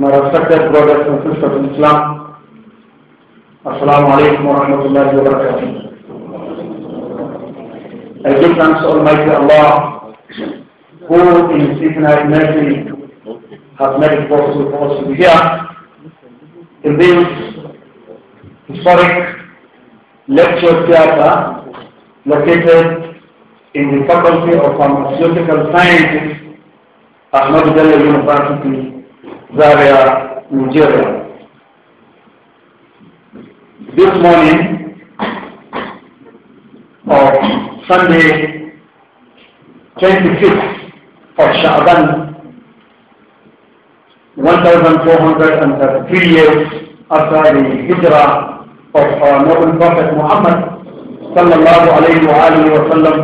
My respected brothers and sisters in Islam, Assalamu alaikum wa rahmatullahi wa barakatuh. I give thanks Almighty Allah, who in His infinite mercy has made it possible for us to be here in this historic lecture theatre located in the Faculty of Pharmaceutical Sciences at Madhya University Zaria, Nigeria. This morning of Sunday, twenty fifth of Sha'ban, 1433 years after the Hijrah of our noble Prophet Muhammad sallallahu alayhi wa alayhi wa sallam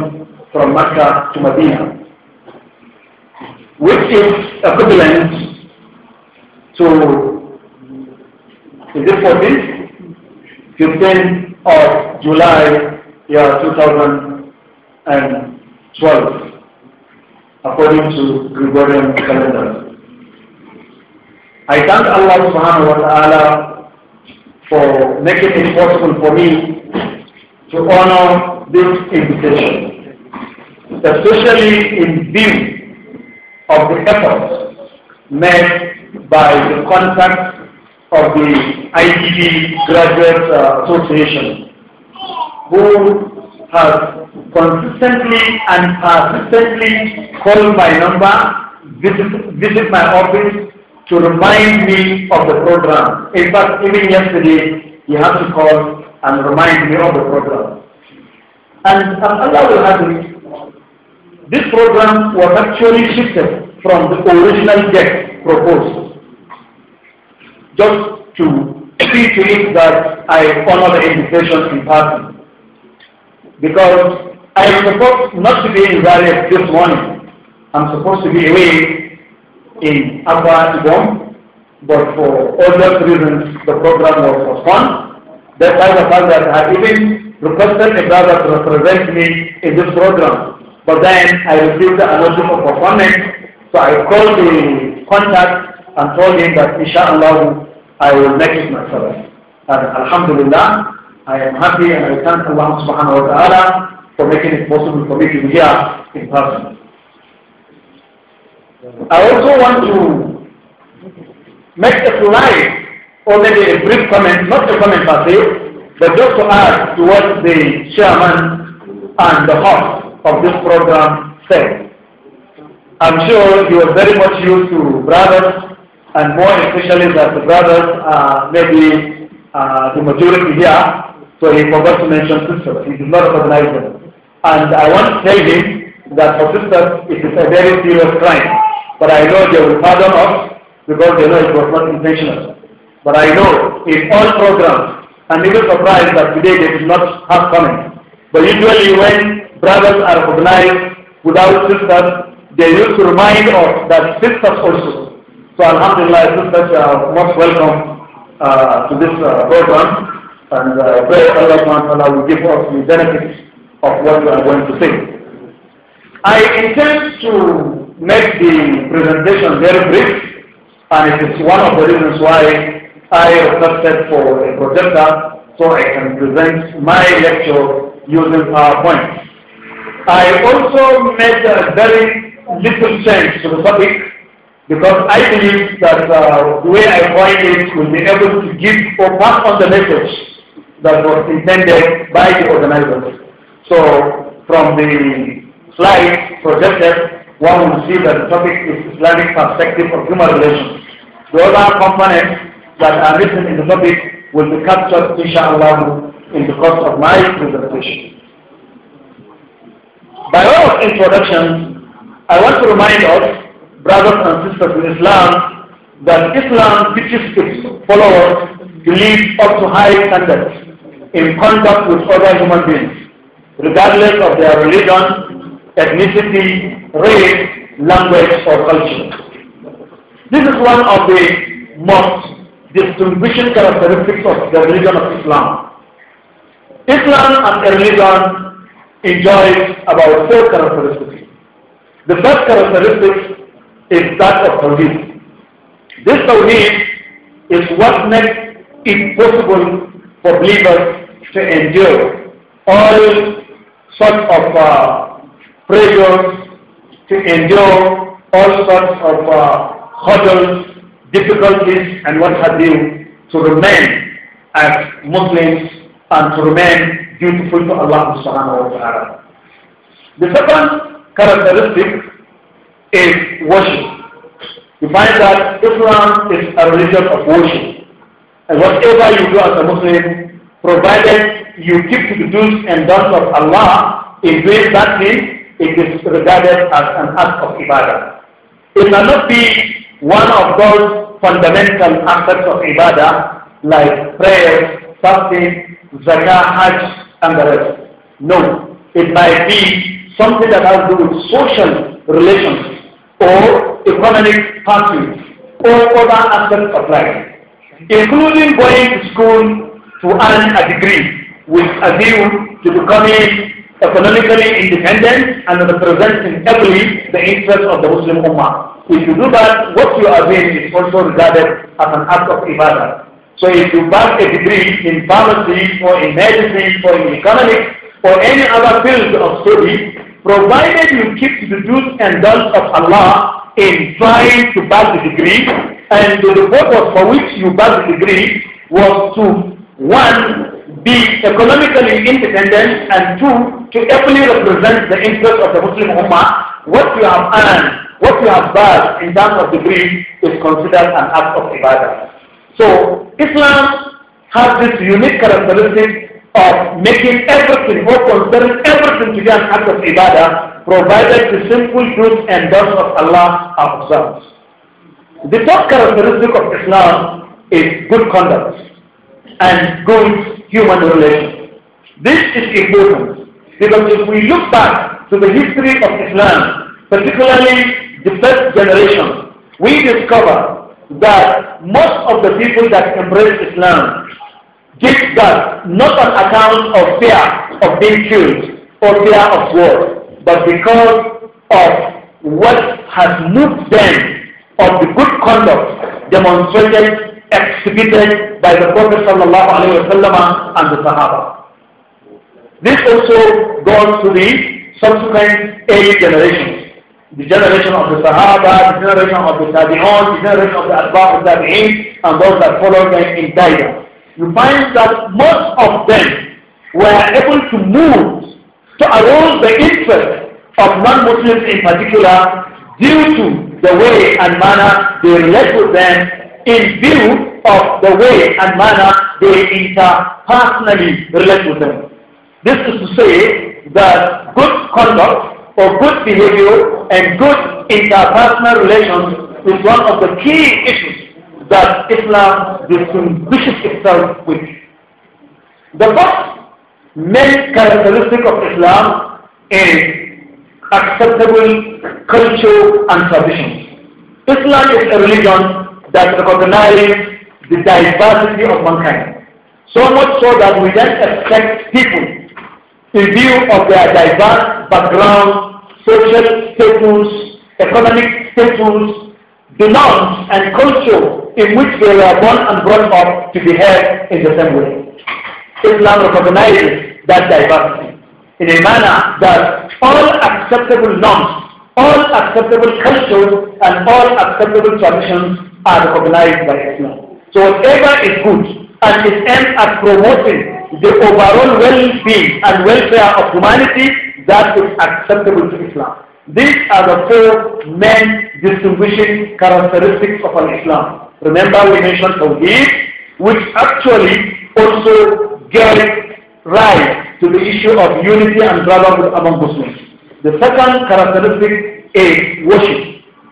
from Mecca to Medina, which is equivalent so, is it for this? 15th of July, year 2012, according to Gregorian calendar. I thank Allah subhanahu wa ta'ala for making it possible for me to honor this invitation, especially in view of the efforts made by the contact of the IDB Graduate uh, Association, who has consistently and persistently called my number, visit, visit my office to remind me of the program. In fact, even yesterday, he had to call and remind me of the program. And as Allah will have it, this program was actually shifted from the original date proposed just to see to it that I honor the invitation in person. Because I am supposed not to be in Zaria this morning. I'm supposed to be away in Abba Ibom, but for obvious reasons the program was postponed. That's why the fact that I even requested a brother to represent me in this program. But then I received the announcement of performance, so I called the contact and told him that inshallah I will make it myself. And Alhamdulillah, I am happy and I thank Allah subhanahu wa ta'ala for making it possible for me to be here in person. I also want to make a slide or maybe a brief comment, not a comment per se, but just to add to what the chairman and the host of this program said. I'm sure you are very much used to brothers and more especially that the brothers are uh, maybe uh, the majority here, so he forgot to mention sisters. He did not recognize them. And I want to tell him that for sisters it is a very serious crime. But I know they will pardon us because they know it was not intentional. But I know in all programs, I'm even surprised that today they did not have comments. But usually when brothers are recognized without sisters, they used to remind us that sisters also so Alhamdulillah, it's such a most welcome uh, to this uh, program and uh, pray Allah will give us the benefits of what we are going to say. I intend to make the presentation very brief and it is one of the reasons why I requested for a projector so I can present my lecture using PowerPoint. I also made a very little change to the topic because I believe that uh, the way I find it will be able to give or pass on the message that was intended by the organizers. So from the slides projected, one will see that the topic is Islamic perspective of human relations. The other components that are written in the topic will be captured, inshallah, in the course of my presentation. By way of introduction, I want to remind us brothers and sisters in Islam, that Islam teaches its followers to live up to high standards in contact with other human beings, regardless of their religion, ethnicity, race, language, or culture. This is one of the most distinguishing characteristics of the religion of Islam. Islam and a religion enjoys about four characteristics. The first characteristic is that of Tawheed. This Tawheed is what makes it possible for believers to endure all sorts of uh, pressures, to endure all sorts of uh, hurdles, difficulties and what have you, to remain as Muslims and to remain dutiful to Allah subhanahu wa ta'ala. The second characteristic is worship. You find that Islam is a religion of worship. And whatever you do as a Muslim, provided you keep to the do's and don'ts of Allah, in doing that thing, it is regarded as an act of ibadah. It cannot be one of those fundamental aspects of ibadah, like prayer, fasting, zakah, hajj, and the rest. No, it might be something that has to do with social relations or economic pursuits or other aspects of life, including going to school to earn a degree with a view to becoming economically independent and representing every the interest of the Muslim Ummah. If you do that, what you are doing is also regarded as an act of ibadah. So if you bag a degree in pharmacy or in medicine or in economics or any other field of study, provided you keep the do's and don'ts of Allah in trying to pass the degree, and the purpose for which you pass the degree was to, one, be economically independent, and two, to equally represent the interests of the Muslim Ummah, what you have earned, what you have passed in terms of degree is considered an act of ibadah. So, Islam has this unique characteristic of making everything, what concerns everything to be an act of ibadah, provided the simple truth and laws of Allah are observed. The top characteristic of Islam is good conduct and good human relations. This is important because if we look back to the history of Islam, particularly the first generation, we discover that most of the people that embraced Islam Give God not on account of fear of being killed or fear of war, but because of what has moved them of the good conduct demonstrated, exhibited by the Prophet sallallahu and the Sahaba. This also goes to the subsequent eight generations. The generation of the Sahaba, the generation of the Tabi'un, the generation of the Atba'u Tabi'in, and those that followed them in guidance you find that most of them were able to move to arouse the interest of non-Muslims in particular due to the way and manner they relate with them in view of the way and manner they interpersonally relate with them. This is to say that good conduct or good behavior and good interpersonal relations is one of the key issues that Islam distinguishes itself with. The first main characteristic of Islam is acceptable culture and traditions. Islam is a religion that recognizes the diversity of mankind. So much so that we then expect people, in view of their diverse backgrounds, social status, economic status, belongs and culture in which they were born and brought up to behave in the same way. Islam recognizes that diversity in a manner that all acceptable norms, all acceptable cultures, and all acceptable traditions are recognized by Islam. So whatever is good and is aimed at promoting the overall well-being and welfare of humanity, that is acceptable to Islam. These are the four main distinguishing characteristics of an Islam. Remember we mentioned Tawheed, which actually also gave rise to the issue of unity and brotherhood among Muslims. The second characteristic is worship,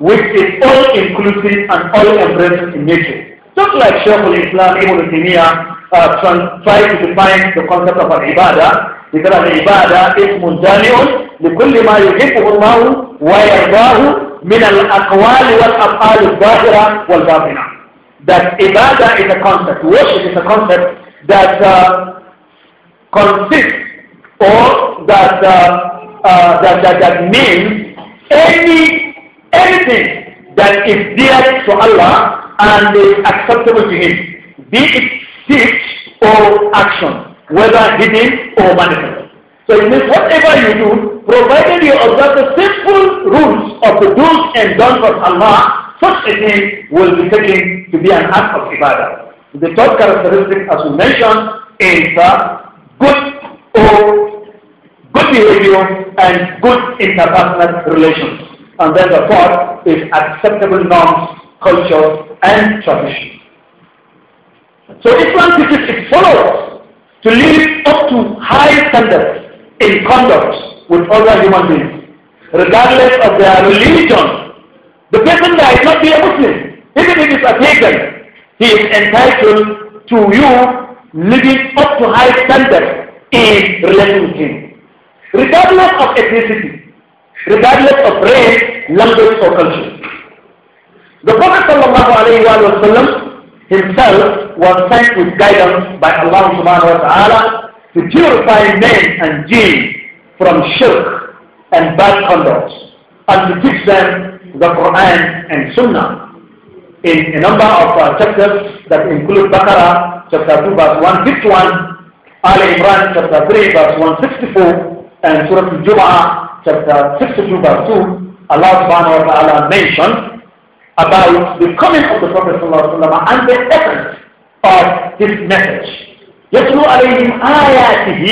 which is all-inclusive and all-embracing in nature. Just like Shaykh al-Islam Ibn Taymiyyah uh, tried to define the concept of an ibadah, he said an ibadah is munjani'un لكل ما يحبه الله ويرضاه من الأقوال والأفعال الظاهرة والباطنة that ibadah is a concept, worship is a concept that uh, consists or that, uh, uh, that, that, that means any, anything that is dear to Allah and is acceptable to Him, be it speech or action, whether hidden or manifest. So it means whatever you do, provided you observe the simple rules of the do's and don'ts of Allah, such a thing will be taken to be an act of ibadah. The third characteristic, as we mentioned, is good or good behavior and good interpersonal relations. And then the fourth is acceptable norms, culture, and tradition. So Islam teaches its followers to live up to high standards in conduct with other human beings, regardless of their religion the person might not be a Muslim. Even if it's a pagan, he is entitled to you living up to high standards in relation to him. Regardless of ethnicity, regardless of race, language or culture. The Prophet وسلم himself was sent with guidance by Allah subhanahu wa ta'ala to purify men and jinn from shirk and bad conduct and to teach them the Quran and Sunnah in a number of uh, chapters that include Baqarah chapter 2 verse one fifty-one, Al Imran chapter 3 verse 164, and Surah Al-Jum'ah chapter 62 verse 2, Allah subhanahu wa ta'ala mentioned about the coming of the Prophet and the evidence of his message. يتلو عليهم آياته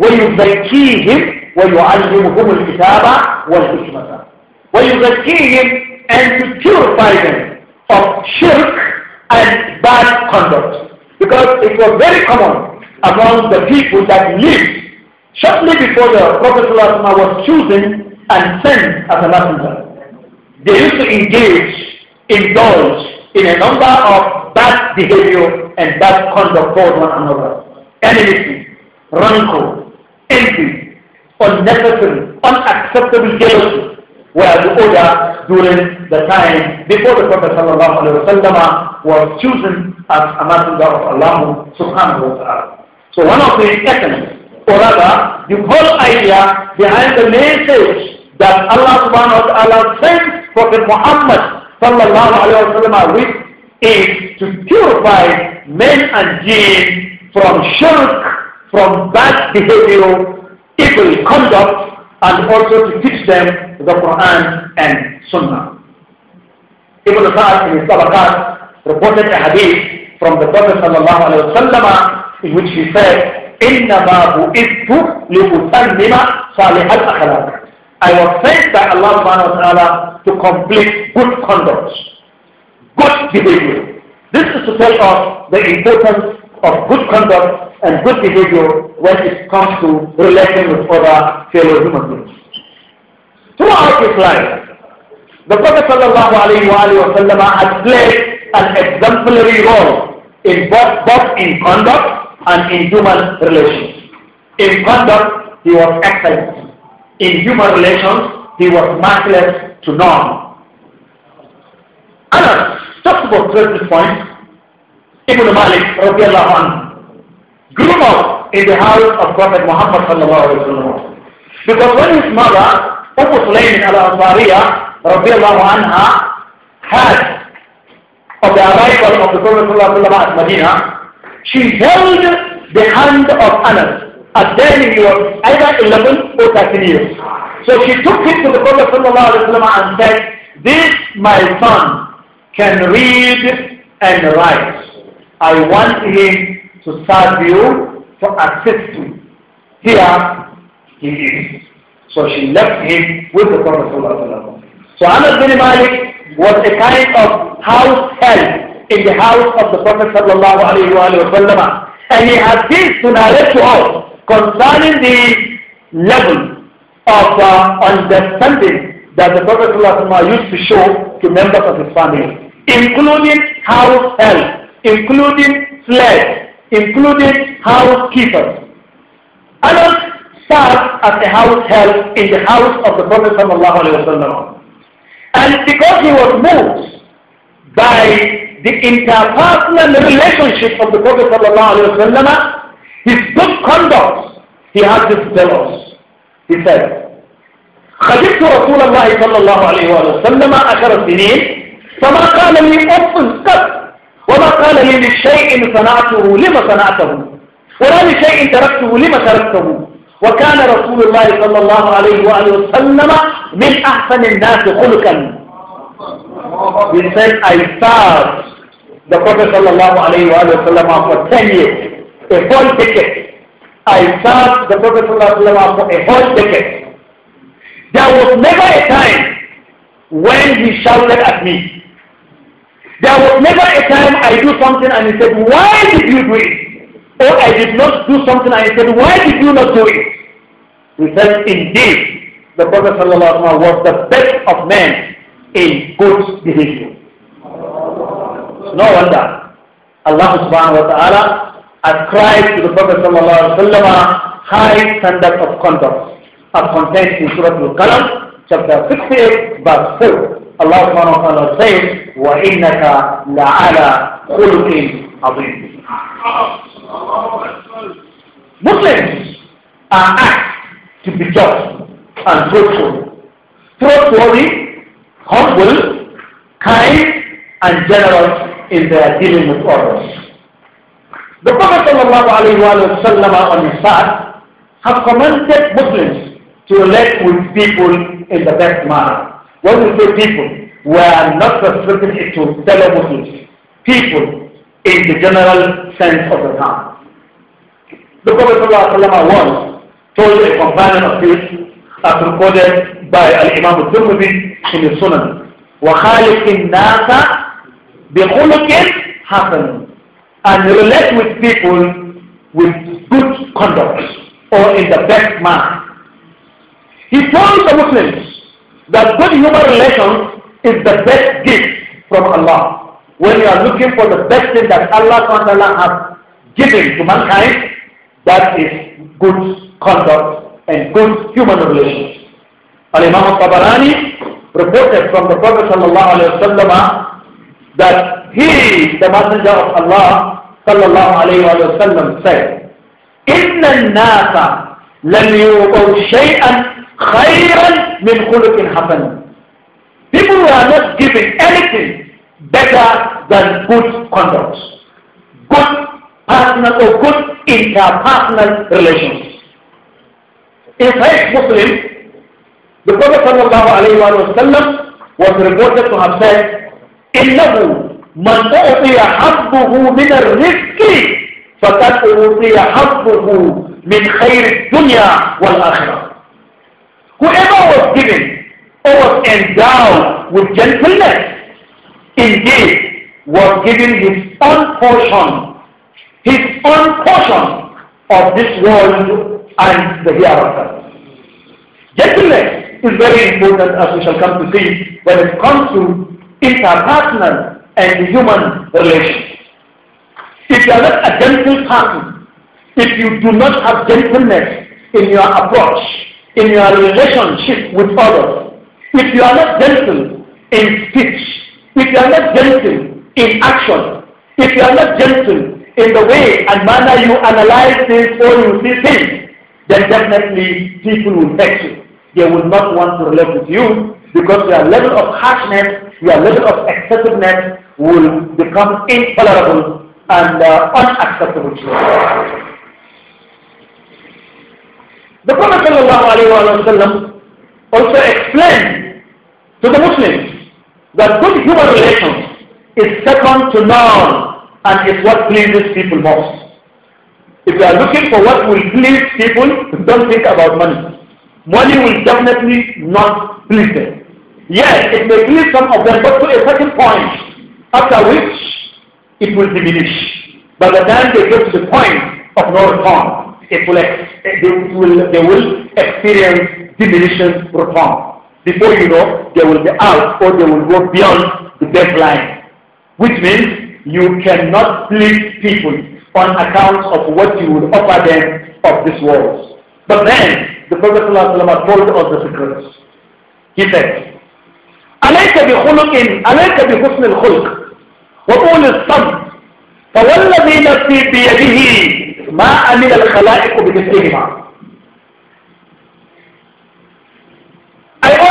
ويزكيهم ويعلمهم الكتاب والحكمة وَيُزَكِّيهِمْ and to purify them of shirk and bad conduct. Because it was very common among the people that lived shortly before the Prophet was chosen and sent as a messenger. They used to engage, indulge in a number of bad behavior and bad conduct toward one another. Enmity, rancor, envy, unnecessary, unacceptable jealousy, were the order during the time before the Prophet ﷺ was chosen as a messenger of Allah subhanahu wa ta'ala. So one of the essence, or rather, the whole idea behind the message that Allah subhanahu wa ta'ala sent Prophet Muhammad sallallahu alayhi wa with is to purify men and jinn from shirk, from bad behavior, evil conduct, and also to teach them the Quran and Sunnah. Ibn Sa'ad in his Tabakat reported a hadith from the Prophet ﷺ in which he said, إِنَّمَا بُئِذْتُ لِأُتَمِّمَ صَالِحَ الْأَخْلَاقِ I was sent by Allah subhanahu wa ta'ala to complete good conduct, good behavior. This is to tell us the importance of good conduct and good behavior when it comes to relating with other fellow human beings throughout his life. The Prophet ﷺ has played an exemplary role in both, both in conduct and in human relations. In conduct, he was excellent. In human relations, he was matchless to none. Anas talks about this point. Ibn Malik anh, grew up in the house of Prophet Muhammad because when his mother أم سليم الأنصارية رضي الله عنها had of the arrival of the Prophet صلى الله عليه وسلم at Medina, she held the hand of Anas. At then he was either 11 or 13 years. So she took him to the Prophet صلى الله عليه وسلم and said, This my son can read and write. I want him to serve you, to assist you. Here he is. So she left him with the Prophet So Anas bin Malik was a kind of house help in the house of the Prophet sallallahu And he has this to narrate to us concerning the level of uh, understanding that the Prophet used to show to members of his family, including house help, including slaves, including housekeepers. Anas. sat at the house help in the house of the Prophet sallallahu alayhi And because he was moved by the interpersonal relationship of the Prophet sallallahu alayhi his good conduct, he had this jealous. He said, خدمت رسول الله صلى الله عليه وسلم عشر سنين فما قال لي أف قط وما قال لي لشيء صنعته لما صنعته ولا لشيء تركته لما تركته وكان رسول الله صلى الله عليه وآله وسلم من أحسن الناس خلقا He said, I served the Prophet صلى الله عليه وآله وسلم for 10 years, a whole ticket. I served the Prophet صلى الله عليه وسلم for a whole ticket. There was never a time when he shouted at me. There was never a time I do something and he said, why did you do it? Or oh, I did not do something, I said, why did you not do it? He said, indeed, the Prophet ﷺ was the best of men in good behavior. No wonder Allah subhanahu wa ta'ala ascribed to the Prophet ﷺ high standard of conduct as contained in Surah Al-Qalam, chapter 68, verse 4. Allah subhanahu wa ta'ala says, وَإِنَّكَ لَعَلَى خُلُقٍ عَظِيمٍ Muslims are asked to be just and truthful, trustworthy, humble, kind, and generous in their dealing with others. The Prophet ﷺ on his part have commanded Muslims to relate with people in the best manner. When we say people, we are not restricting it to fellow Muslims. People in the general sense of the term. The Prophet ﷺ once told a companion of his, as recorded by Al-Imam al-Tirmidhi in his Sunan, وَخَالِقِ النَّاسَ بِخُلُقٍ حَسَنٍ And relate with people with good conduct or in the best manner. He told the Muslims that good human relations is the best gift from Allah when you are looking for the best thing that Allah Taala has given to mankind, that is good conduct and good human relations. Al-Imam al-Tabarani reported from the Prophet Sallallahu Alaihi Wasallam that he, the messenger of Allah Sallallahu Alaihi Wasallam, said, إِنَّ nasa لم يوقوا shayan خيرا min خلق حسن people who are not giving anything better than good conduct, good personal or good interpersonal relations. In Sahih Muslim, the Prophet ﷺ was reported to have said, إِنَّهُ من أعطي حظه من الرزق فقد أعطي حظه من خير الدنيا والآخرة Whoever was given or was endowed with gentleness indeed was given his own portion, his own portion of this world and the hereafter. Gentleness is very important as we shall come to see when it comes to interpersonal and human relations. If you are not a gentle person, if you do not have gentleness in your approach, in your relationship with others, if you are not gentle in speech, if you are not gentle in action, if you are not gentle in the way and manner you analyze things or you see things, then definitely people will hate you. They will not want to relate with you because your level of harshness, your level of excessiveness will become intolerable and uh, unacceptable to you. The Prophet ﷺ also explained to the Muslims that good human relations is second to none and is what pleases people most. If you are looking for what will please people, don't think about money. Money will definitely not please them. Yes, it may please some of them, but to a certain point, after which it will diminish. By the time they get to the point of no return, it will, they, will, they will experience diminishing return. Before you know, they will be out or they will go beyond the deadline. Which means you cannot please people on account of what you would offer them of this world. But then, the Prophet ﷺ told us the secrets. He said, عليك بخلق عليك بحسن الخلق وطول الصبر فوالذي نفسي بيده ما عمل الخلائق بمثلهما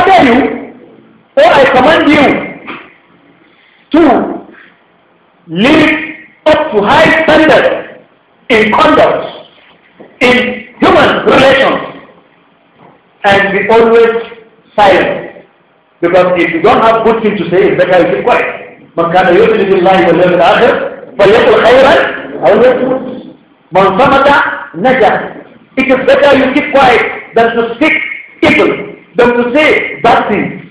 order you or I command you to live up to high standards in conduct, in human relations, and be always silent. Because if you don't have good things to say, it's better you keep quiet. من كان يؤمن بالله واليوم الآخر فليقل خيرا أو يقول من صمت نجا. It is better you keep quiet than to speak evil but to say bad things.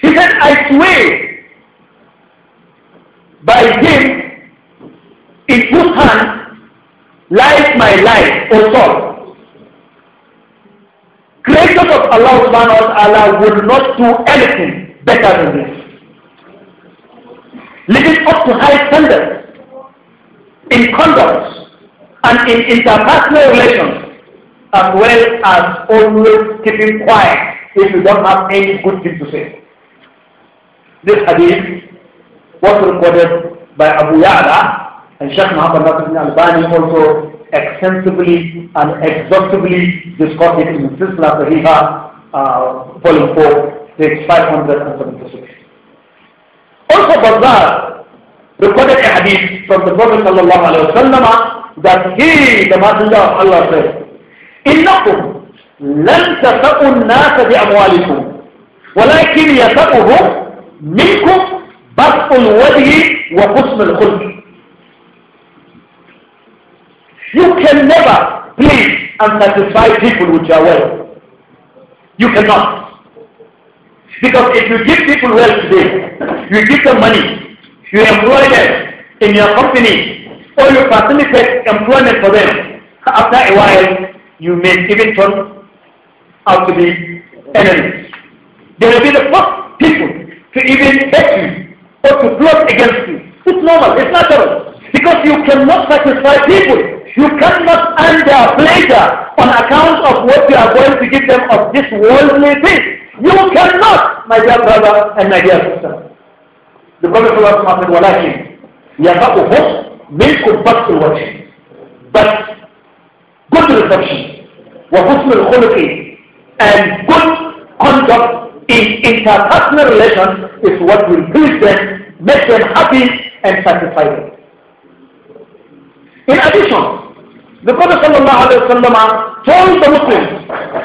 He said, I swear by him in whose hand lies my life, O soul. Creators of Allah subhanahu will not do anything better than this. Living up to high standards in conduct and in interpersonal relations as well as always keeping quiet if you don't have any good thing to say. This hadith was recorded by Abu Ya'la and Sheikh Muhammad Nasr bin also extensively and exhaustively discussed it in Sisla Sahiha, uh, volume 4, page 576. Also Bazar recorded a hadith from the Prophet ﷺ that he, the Messenger of Allah said, إنكم لن الناس بأموالكم ولكن منكم بسط الوجه الخلق You can never please and satisfy people with your wealth. You cannot. Because if you give people wealth today, you give them money, you employ them in your company, or you facilitate employment for them, after a while you may even turn out to be enemies. They will be the first people to even hate you or to plot against you. It's normal, it's natural. Because you cannot sacrifice people. You cannot earn their pleasure on account of what you are going to give them of this worldly thing. You cannot, my dear brother and my dear sister. The Prophet said, وَلَكِنْ يَفَقُهُمْ مِنْكُمْ بَطْءُ الْوَجْهِ But good reception وحسن الخلق and good conduct in interpersonal relations is what will please them, make them happy and satisfy them. In addition, the Prophet ﷺ told the Muslims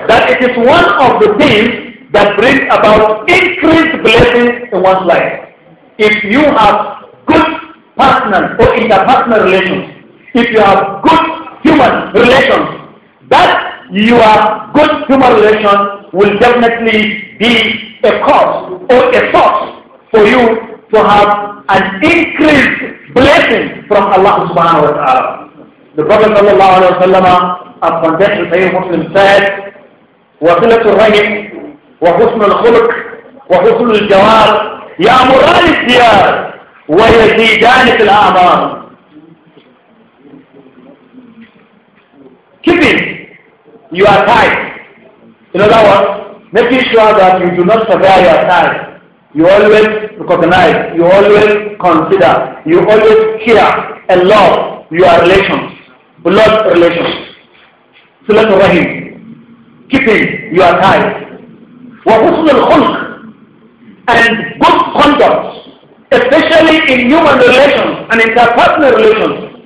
that it is one of the things that brings about increased blessings in one's life. If you have good personal or interpersonal relations, if you have good human relations, that your good human relation will definitely be a cause or a source for you to have an increased blessing from Allah subhanahu wa ta'ala. The Prophet sallallahu alayhi wa sallam as contained in Sahih Muslim said, وَصِلَةُ الرَّحِمْ وَحُسْنُ الْخُلُقِ وَحُسْنُ الْجَوَارِ يَأْمُرَانِ الدِّيَارِ وَيَزِيدَانِ فِي Keep Keeping you are tied. In other words, making sure that you do not forget your time. You always recognize, you always consider, you always care and love your relations, blood relations. Silat Rahim, keeping your ties. وحسن الخلق and good conduct, especially in human relations and interpersonal relations.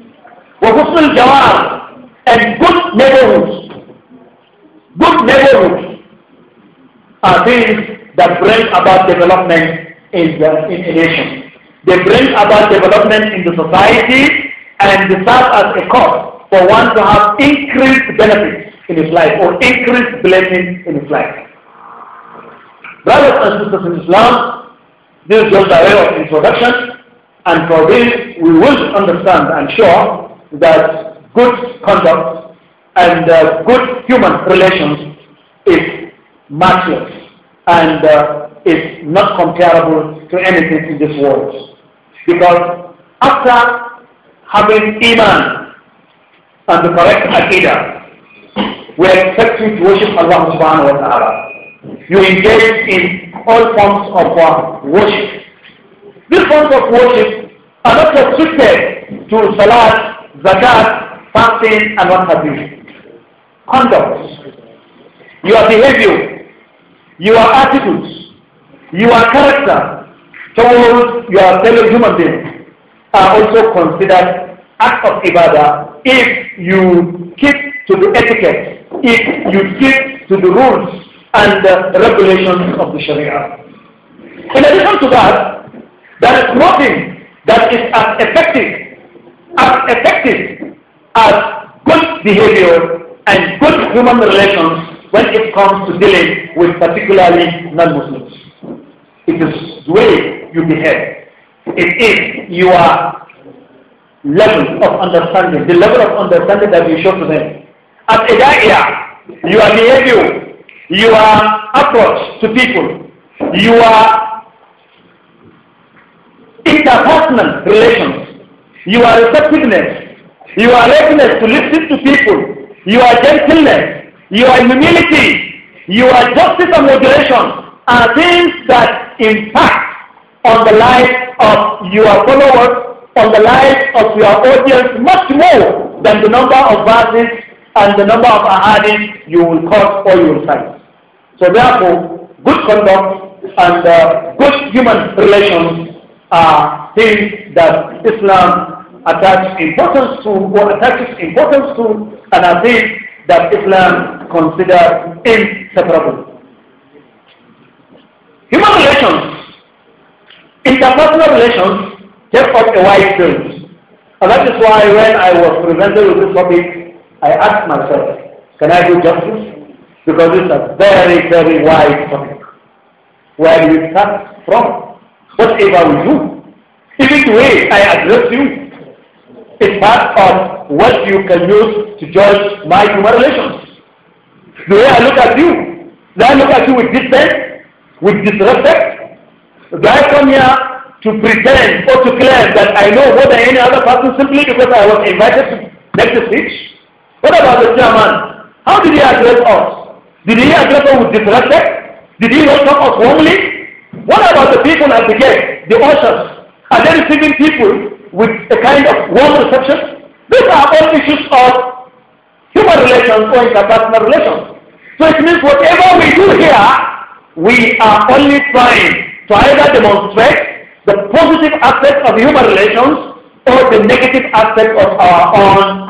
وحسن الجوار and good neighborhoods. Good neighborhoods are things that bring about development in, the, in a nation. They bring about development in the society and they serve as a cause for one to have increased benefits in his life or increased blessings in his life. Brothers and sisters in Islam, this is just a way of introduction and for this we will understand, and show that good conduct and uh, good human relations is matchless and uh, is not comparable to anything in this world. Because after having Iman and the correct Aqidah, we are expected to worship Allah subhanahu wa ta'ala. You engage in all forms of uh, worship. These forms of worship are not restricted to salat, zakat, fasting, and what have you conduct, your behavior, your attitudes, your character towards your fellow human beings are also considered acts of ibadah if you keep to the etiquette, if you keep to the rules and the regulations of the Sharia. In addition to that, there is nothing that is as effective, as effective as good behavior and good human relations when it comes to dealing with particularly non-Muslims. It is the way you behave. It is your level of understanding, the level of understanding that you show to them. As a da'iyah, your behavior, your approach to people, your interpersonal relations, your receptiveness, your readiness to listen to people, your gentleness, your humility, your justice and moderation are things that impact on the life of your followers, on the life of your audience much more than the number of verses and the number of ahadith you will quote or you will cite. So therefore, good conduct and uh, good human relations are things that Islam attaches importance to or attaches importance to and I think that Islam considers inseparable. Human relations, interpersonal relations, take up a wide field. And that is why when I was presented with this topic, I asked myself, can I do justice? Because it's a very, very wide topic. Where do we start from? Whatever we do. If it's way I address you is part of what you can use to judge my human relations. The way I look at you, do I look at you with disdain, with disrespect? Do I come here to pretend or to claim that I know more than any other person simply because I was invited to make the speech? What about the chairman? How did he address us? Did he address us with disrespect? Did he welcome us warmly? What about the people at the gate, the ushers? Are they receiving people with a kind of world perception. These are all issues of human relations or interpersonal relations. So it means whatever we do here, we are only trying to either demonstrate the positive aspect of human relations or the negative aspect of our own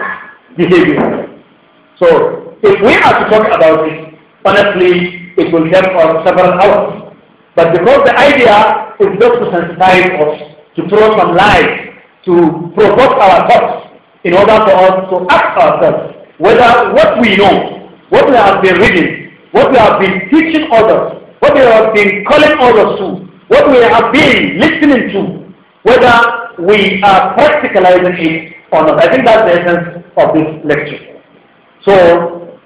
behavior. So if we are to talk about this honestly, it will take us several hours. But because the idea is not to sensitize us, to throw some light to provoke our thoughts in order for us to ask ourselves whether what we know, what we have been reading, what we have been teaching others, what we have been calling others to, what we have been listening to, whether we are practicalizing it or not. I think that's the essence of this lecture. So,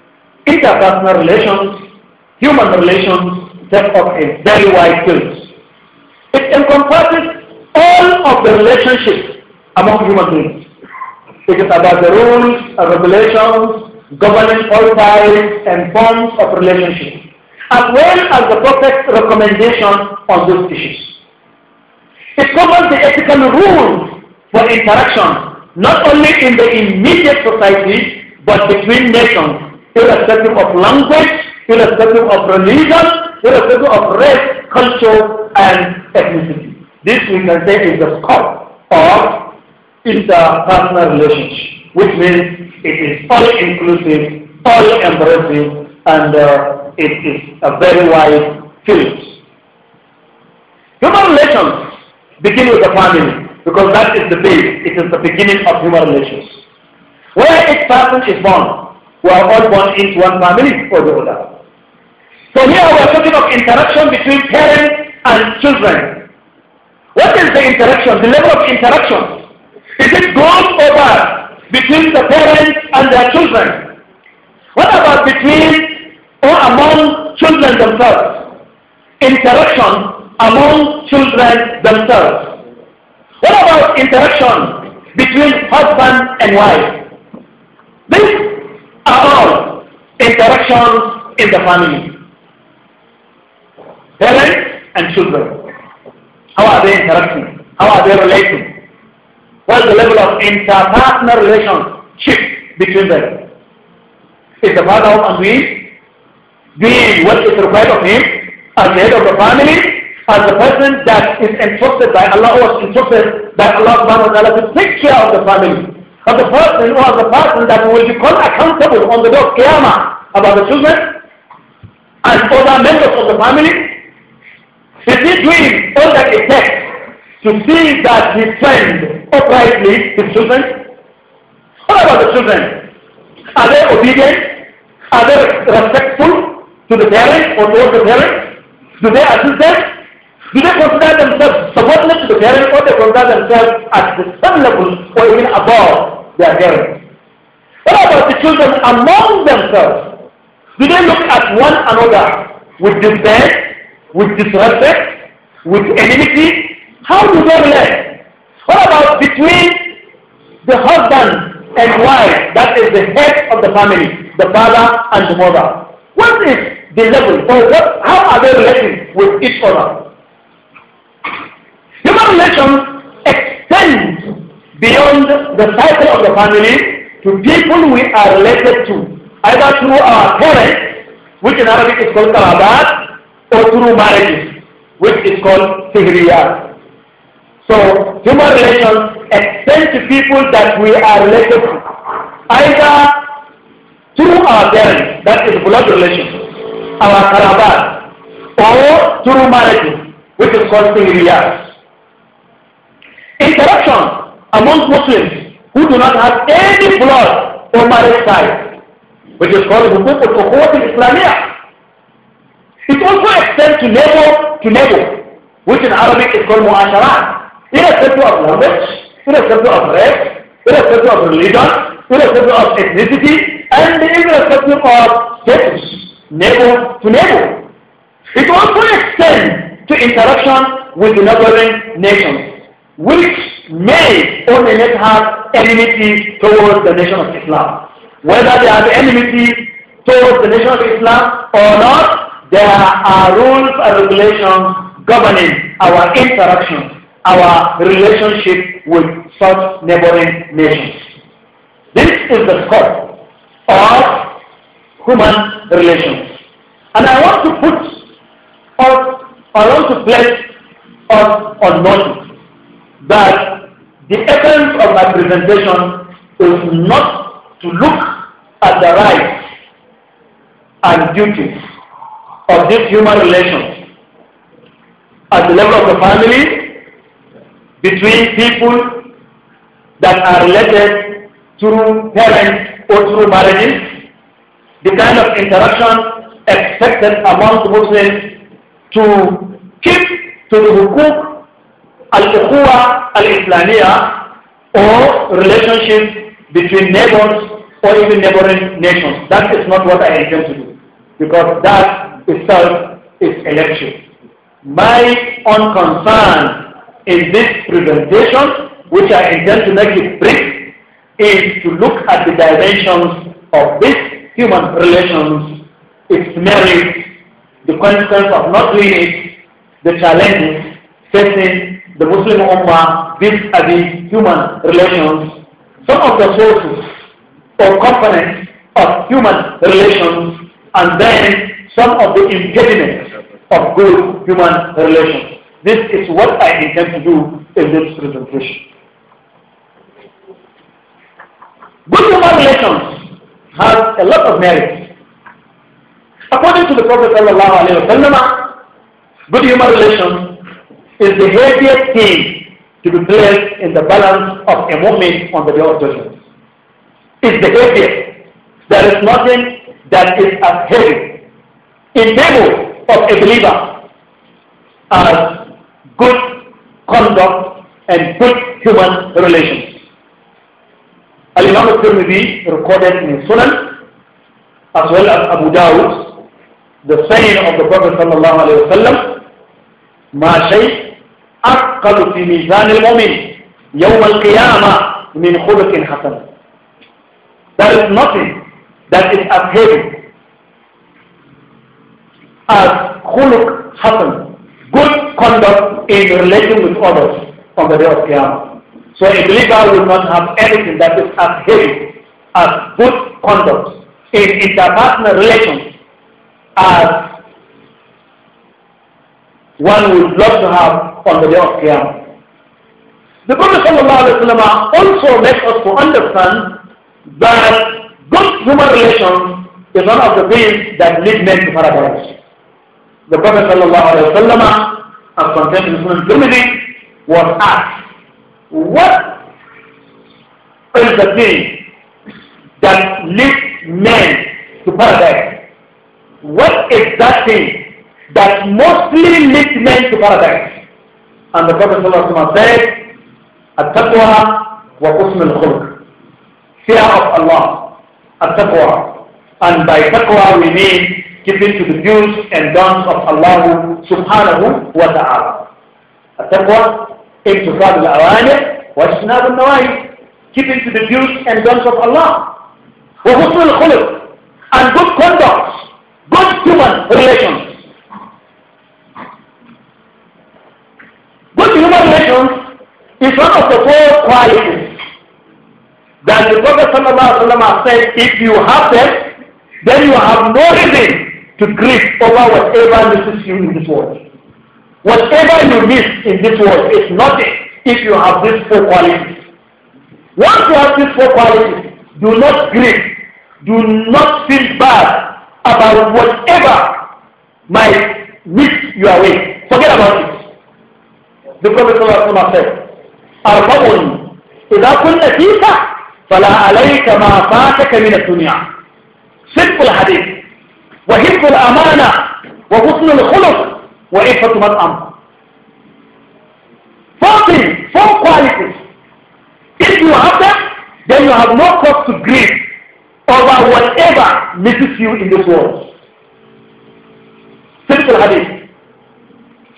interpersonal relations, human relations, take up a very wide field. It encompasses all of the relationships among human beings. It is about the rules, uh, regulations, governing all values, and forms of relationship, as well as the Prophet's recommendation on those issues. It covers the ethical rules for interaction, not only in the immediate society, but between nations, irrespective of language, irrespective of religion, irrespective of race, culture, and ethnicity. This we can say is the scope of interpersonal relationship, which means it is fully inclusive, all embracing, and uh, it is a very wide field. Human relations begin with the family because that is the base, it is the beginning of human relations. Where each person is born, we are all born into one family or the other. So here we are talking of interaction between parents and children. What is the interaction, the level of interaction? Is it good or bad between the parents and their children? What about between or among children themselves? Interaction among children themselves. What about interaction between husband and wife? These are all interactions in the family. Parents and children. How are they interacting? How are they relating? What's the level of interpersonal relationship between them? is the father of we. doing what is required of him as the head of the family, as the person that is entrusted by Allah or entrusted by Allah subhanahu wa ta'ala to take care of the family. But the person who is the person that will be called accountable on the day of Qiyamah about the children and other members of the family, is he doing all that it takes to see that he trained uprightly his children? What about the children? Are they obedient? Are they respectful to the parents or towards the parents? Do they assist them? Do they consider themselves subordinate to the parents or they consider themselves at the same level or even above their parents? What about the children among themselves? Do they look at one another with disdain, with disrespect, with enmity, How do they relate? What about between the husband and wife, that is the head of the family, the father and the mother? What is the level, or what, how are they relating with each other? Human relations extend beyond the cycle of the family to people we are related to, either through our parents, which in Arabic is called karabat, or through marriages, which is called sihriyat. So human relations extend to people that we are related to, either through our parents, that is blood relation, our caravan, or through marriage, which is called filial. Interaction among Muslims who do not have any blood or marriage ties, which is called hukuk al-ukhuwat al Islamia. It also extends to neighbor to neighbor, which in Arabic is called mu'asharat. irrespective of language, irrespective of race, irrespective of religion, irrespective of ethnicity, and irrespective of status, neighbor to neighbor. It also extends to interaction with the neighboring nations, which may or may not have enmity towards the nation of Islam. Whether they have enmity towards the nation of Islam or not, there are rules and regulations governing our interactions our relationship with such neighboring nations. This is the scope of human relations. And I want to put us, I want to place us on notice that the essence of my presentation is not to look at the rights and duties of these human relations at the level of the family, between people that are related through parents or through marriages, the kind of interaction expected among Muslims to keep to the hukuk al-ukhuwa al-islamiyya or relationship between neighbors or even neighboring nations. That is not what I intend to do because that itself is election. My own concern in this presentation, which I intend to make it brief, is to look at the dimensions of this human relations, its merits, the consequence of not doing it, the challenges facing the Muslim Ummah vis-a-vis human relations, some of the sources or components of human relations, and then some of the impediments of good human relations. This is what I intend to do in this presentation. Good human relations has a lot of merits. According to the Prophet ﷺ, good human relations is the heaviest thing to be placed in the balance of a moment on the day of judgment. It's the heaviest. There is nothing that is as heavy in favor of a believer as good conduct and good human relations. Al-Imam al-Tirmidhi recorded in Sunan as well as Abu Dawud the saying of the Prophet sallallahu alayhi wa sallam ما شيء أقل في ميزان المؤمن يوم القيامة من خلق حسن There is nothing that is as heavy as خلق حسن good conduct in relation with others on the day of Qiyamah. So a believer will not have anything that is as heavy as good conduct in interpersonal relations as one would love to have on the day of Qiyamah. The Prophet also makes us to understand that good human relations is one of the things that lead men to paradise the Prophet ﷺ, as contained in Sunan Tirmidhi, was asked, what is the thing that leads men to paradise? What is that thing that mostly leads men to paradise? And the Prophet ﷺ said, At-taqwa wa qusm al-khulq. Fear of Allah. At-taqwa. And by taqwa we mean keeping to the views and bounds of Allah subhanahu wa ta'ala. At-taqwa, imtifad al-awamir wa not al-nawahi. Keeping to the views and bounds of Allah. Wa husn al-khuluq and good conduct, good human relations. Good human relations is one of the four qualities that the Prophet ﷺ said, if you have them, then you have no reason to grip over whatever misses you in this world. Whatever you miss in this world is nothing if you have these four qualities. Once you have these four qualities, do not grieve, do not feel bad about whatever might miss your way. Forget about it. The Prophet said, أربع إذا كنت فيك فلا عليك ما فاتك من الدنيا. Simple Hadith. وحفظ the وحسن الخلق وعفة من أمر Four things, four qualities. If you have them, then you have no cause to grieve over whatever misses you in this world. Simple hadith.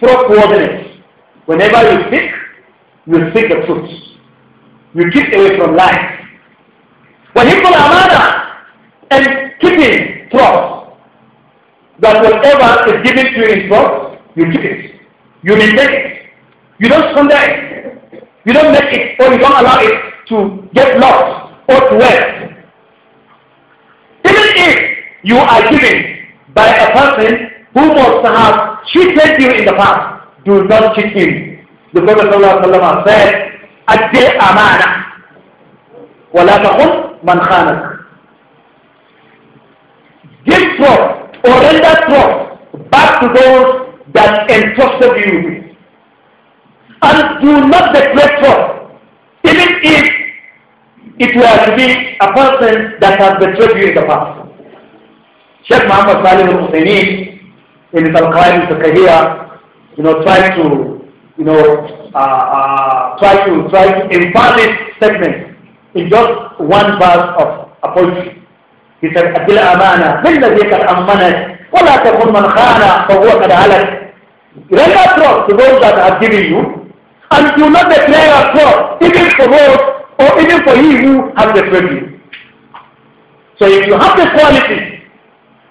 Trustworthiness. Whenever you speak, you speak the truth. You keep away from lies. Wahibul amana and keeping trust that whatever is given to you in God, you keep it. You maintain it. You don't squander it. You don't make it or you don't allow it to get lost or to waste. Even if you are given by a person who must have cheated you in the past, do not cheat him. The Prophet said, a أمانة ولا تخن من خانك. Give trust or render trust back to those that entrusted you with. And do not declare trust, even if it were to be a person that has betrayed you in the past. Sheikh Muhammad Salih al-Husayni, in his al-Qaim al you know, tried to, you know, uh, uh, try to, try to empower this statement in just one verse of a poetry. بصدقة أمانة بالذي قد أمنت ولا تكون من خان فهو قد هلك render trust تقول those that have given you and do not declare a trust even for those or even for he who has betrayed you so if you have the quality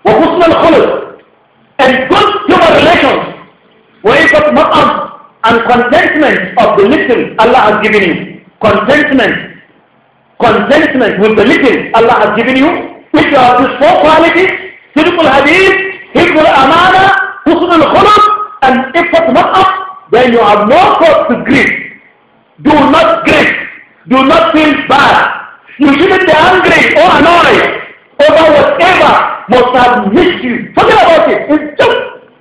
وحسن الخلق and good human relations where you وإنفة ma'am and contentment of the little Allah has given you contentment contentment with the little Allah has given you which are these four qualities, Sirkul Hadith, Hibul Amana, Husnul Khulub, and Ifat Mat'af, then you have no cause to grieve. Do not grieve. Do not feel bad. You shouldn't be angry or annoyed over whatever must have missed you. Forget about it. It just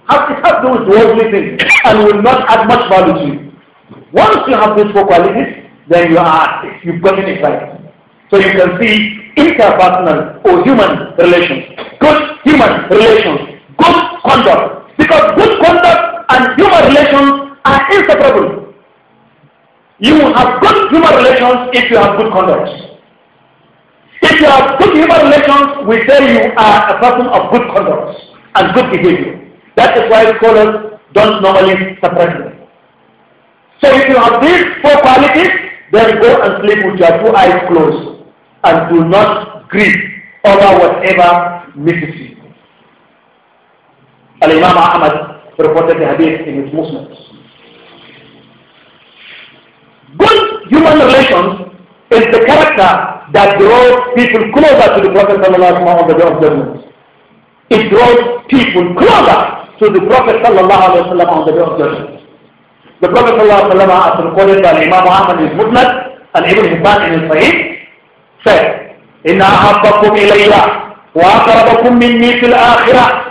has to have those worldly things and will not add much value to you. Once you have these four qualities, then you are you becoming excited. So you can see interpersonal or human relations. Good human relations. Good conduct. Because good conduct and human relations are inseparable. You will have good human relations if you have good conduct. If you have good human relations, we say you are a person of good conduct and good behavior. That is why scholars don't normally separate them. So if you have these four qualities, then go and sleep with your two eyes closed and do not grieve over whatever misses you. Al Imam Ahmad reported the hadith in his Muslim. Good human relations is the character that draws people closer to the Prophet on the day of judgment. It draws people closer to the Prophet on the day of judgment. The Prophet has recorded by Imam Ahmad is his Muslim and even Hibban in his Sahih فإن أحبكم إلي وأقربكم مني في الآخرة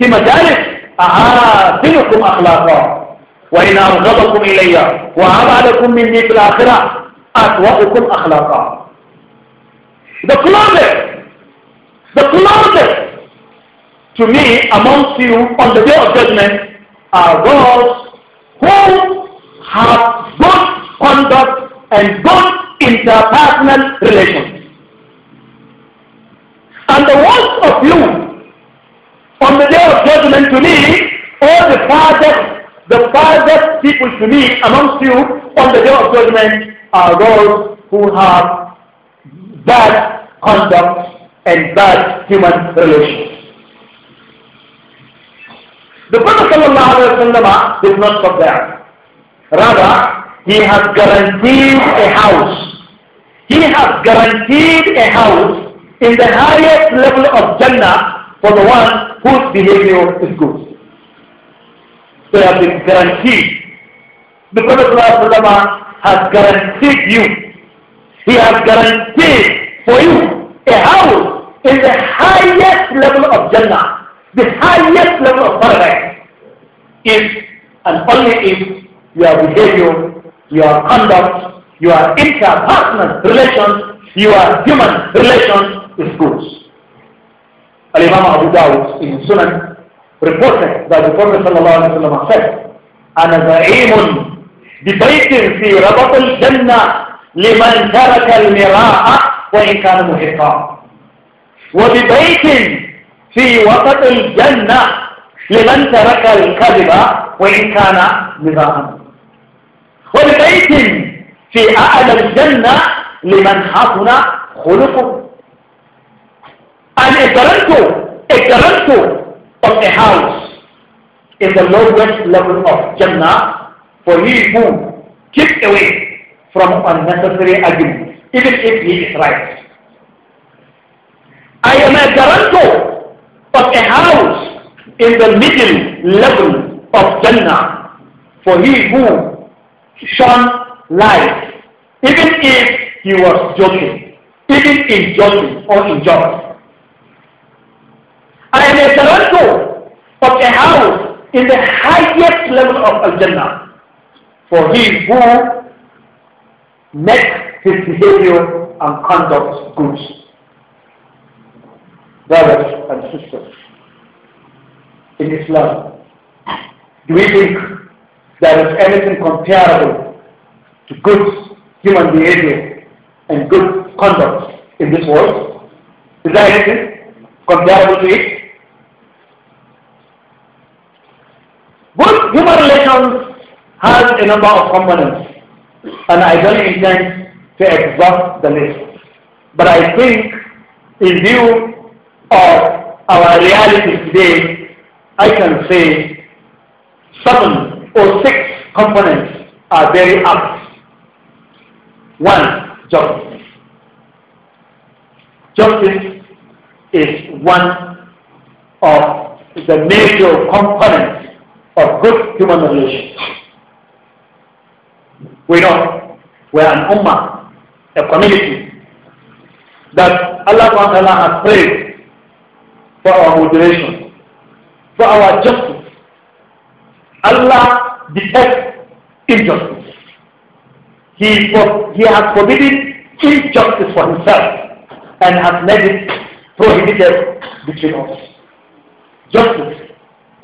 في مجالس أعادلكم أخلاقا وإن أرغبكم إلي وأبعدكم مني في الآخرة أتوأكم أخلاقا The closest, the closest to me amongst you on the day of judgment are those who have good conduct and good interpersonal relations. And the worst of you on the day of judgment to me, all the farthest, the farthest people to me amongst you on the day of judgment are those who have bad conduct and bad human relations. The Prophet ﷺ did not stop there. Rather, he has guaranteed a house he has guaranteed a house in the highest level of Jannah for the one whose behavior is good. They have been guaranteed. The Prophet has guaranteed you. He has guaranteed for you a house in the highest level of Jannah, the highest level of paradise, if and only if your behavior, your conduct your interpersonal relations, your human relations is good. Al-Imam Abu Dawud in Sunan reported that the Prophet said, أنا زعيم ببيت في ربط الجنة لمن ترك المراء وإن كان محقا وببيت في وسط الجنة لمن ترك الكذب وإن كان مراء وببيت في أعلى الجنة لمن حسن خلقه أن in Toronto, of a house in the lowest level of Jannah for he who keeps away from unnecessary argument, even if he is right. I am a guarantor of a house in the middle level of Jannah for he who shuns life, even if he was joking, even in joking or in joke. And am the taranto of a house in the highest level of Al Jannah for he who makes his behavior and conduct good. Brothers and sisters, in Islam, do we think there is anything comparable to good human behavior and good conduct in this world? Is that anything comparable to it? Good human relations has a number of components and I don't intend to exhaust the list. But I think in view of our reality today, I can say seven or six components are very apt one, justice. Justice is one of the major components of good human relations. We know we are an ummah, a community that Allah has prayed for our moderation, for our justice. Allah detects injustice. He, he has forbidden injustice for himself and has made it prohibited between us. Justice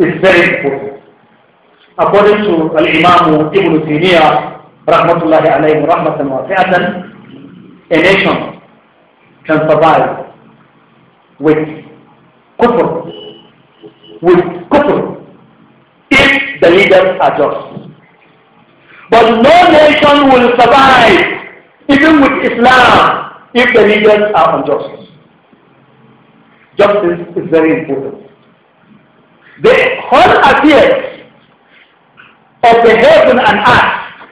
is very important. According to Al-Imam Ibn Taymiyyah, rahmatullahi alayhi rahmatan wa a nation can survive with kufr, with kufr, if the leaders are just. But no nation will survive, even with Islam, if the leaders are unjust. Justice is very important. The whole affairs of the heaven and earth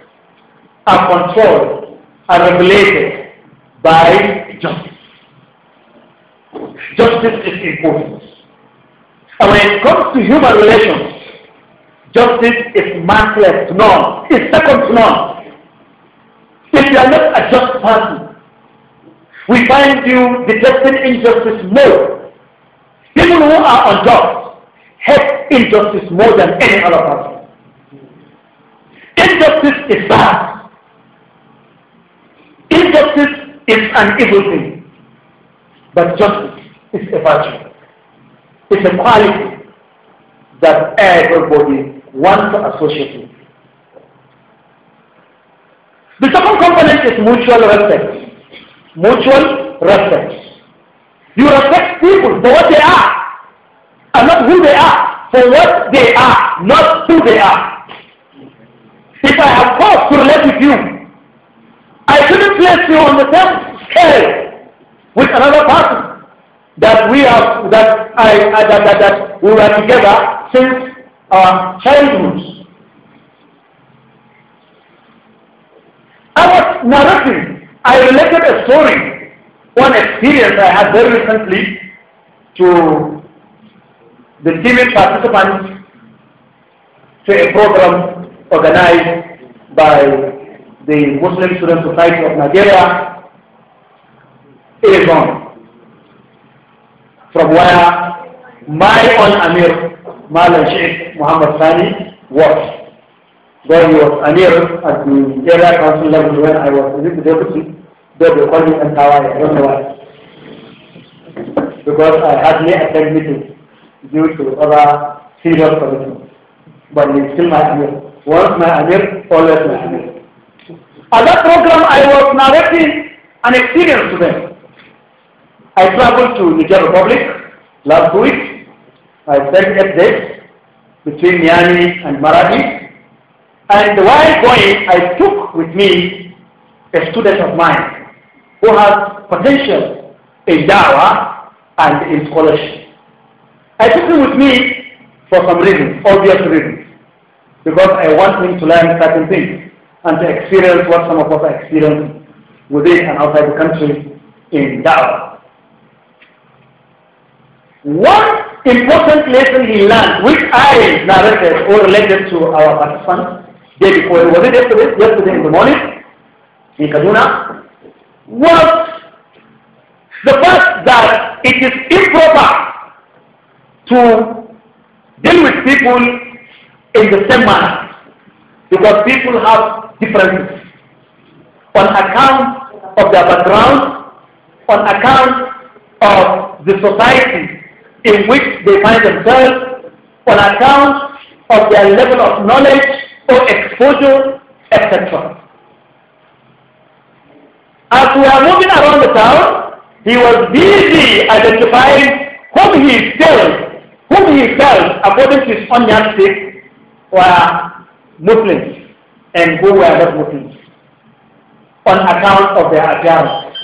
are controlled and regulated by justice. Justice is important. And when it comes to human relations, Justice is matchless to none. It's second to none. If you are not a just person, we find you detesting injustice more. People who are unjust hate injustice more than any other person. Injustice is bad. Injustice is an evil thing. But justice is a virtue. It's a quality that everybody one to associate with. The second component is mutual respect. Mutual respect. You respect people for what they are and not who they are, for what they are, not who they are. If I have cause to relate with you, I shouldn't place you on the same scale with another person that we have that I, I that, that, that we were together since our childhoods. I was narrating, I related a story, one experience I had very recently to the female participants to a program organized by the Muslim Student Society of Nigeria, Avon, from where my own Amir Malam Sheikh Muhammad Sani was. Though he was Amir at the area council level when I was the deputy, though they called me Antawa, I don't know why. Because I hardly attend meetings due to other serious commitments. But he's still my Amir. Once my Amir, always my Amir. At that program, I was narrating an experience to them. I traveled to Niger Republic last week I said at this between Yani and Marathi. And while going, I took with me a student of mine who has potential in Dawa and in scholarship. I took him with me for some reasons, obvious reasons, because I want him to learn certain things and to experience what some of us are experiencing within and outside the country in Dawa. One important lesson he learned, which I narrated or related to our participant day before, was it yesterday? Yesterday in the morning in Kaduna, was the fact that it is improper to deal with people in the same manner because people have differences on account of their background, on account of the society in which they find themselves on account of their level of knowledge or exposure, etc. As we are moving around the town, he was busy identifying whom he felt, whom he felt, according to his own stick were Muslims and who were not Muslims on account of their appearance,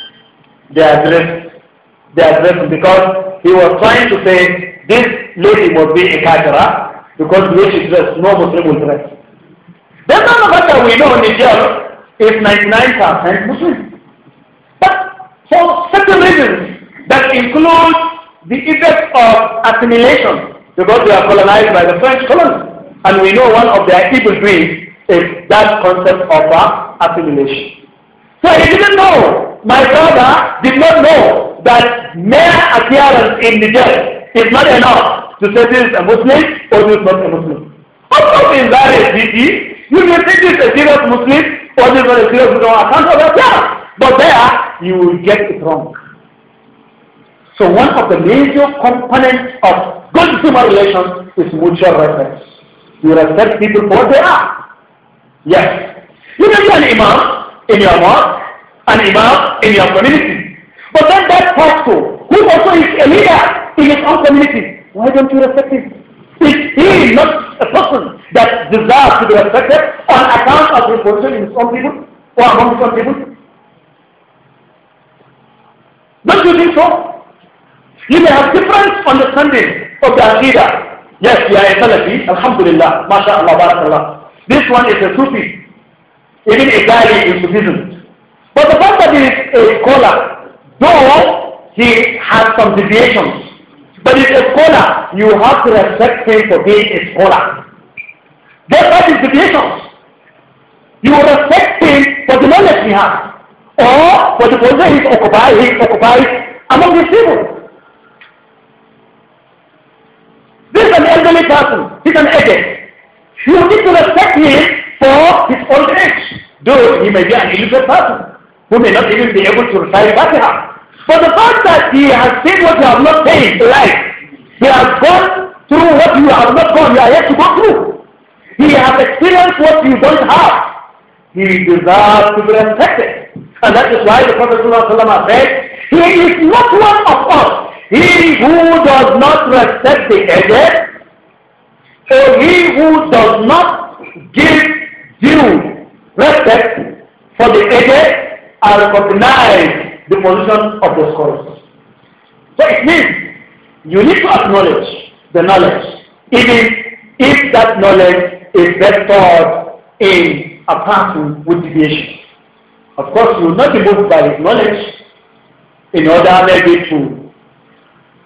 their dress, the addressed because he was trying to say this lady must be a kafira because the way she dressed, no Muslim will dress. That's not the fact that we know Niger is 99% Muslim. But for certain reasons that include the effect of assimilation because we are colonized by the French colonists. And we know one of their evil deeds is that concept of assimilation. So he didn't know. My father did not know that mere appearance in Niger is not enough to say this is a Muslim or this is not a Muslim. Of course, in various DD, you may think this is a serious Muslim or this is not a serious Muslim on account of Islam. But there, you will get it wrong. So one of the major components of good human relations is mutual respect. You respect people for what they are. Yes. You may be an imam in your mosque, an imam in your community, but then that pastor, who also is a leader in his own community, why don't you respect him? Is he not a person that deserves to be respected on account of his position in his own people or among his own people? Don't you think so? You may have different understanding of the leader. Yes, we are a Salafi, Alhamdulillah, MashaAllah, Barakallah. This one is a Sufi, even a guy is Sufism. But the fact that he is a scholar Though he has some deviations, but he's a scholar. You have to respect him for being a scholar. Despite his deviations, you respect him for the knowledge he has or for the position he's occupied, he's occupied among his people. This is an elderly person. He's an aged. You need to respect him for his old age, though he may be an illiterate person who may not even be able to recite Fatiha. But the fact that he has seen what you have not seen, is right. He has gone through what you have not gone, you are yet to go through. He has experienced what you don't have. He deserves to be respected. And that is why the Prophet ﷺ said, He is not one of us. He who does not respect the aged, or he who does not give due respect for the aged, are recognized the position of the scholars. So it means you need to acknowledge the knowledge, even if that knowledge is restored in a person with deviation. Of course, you will not be moved by his knowledge in order maybe to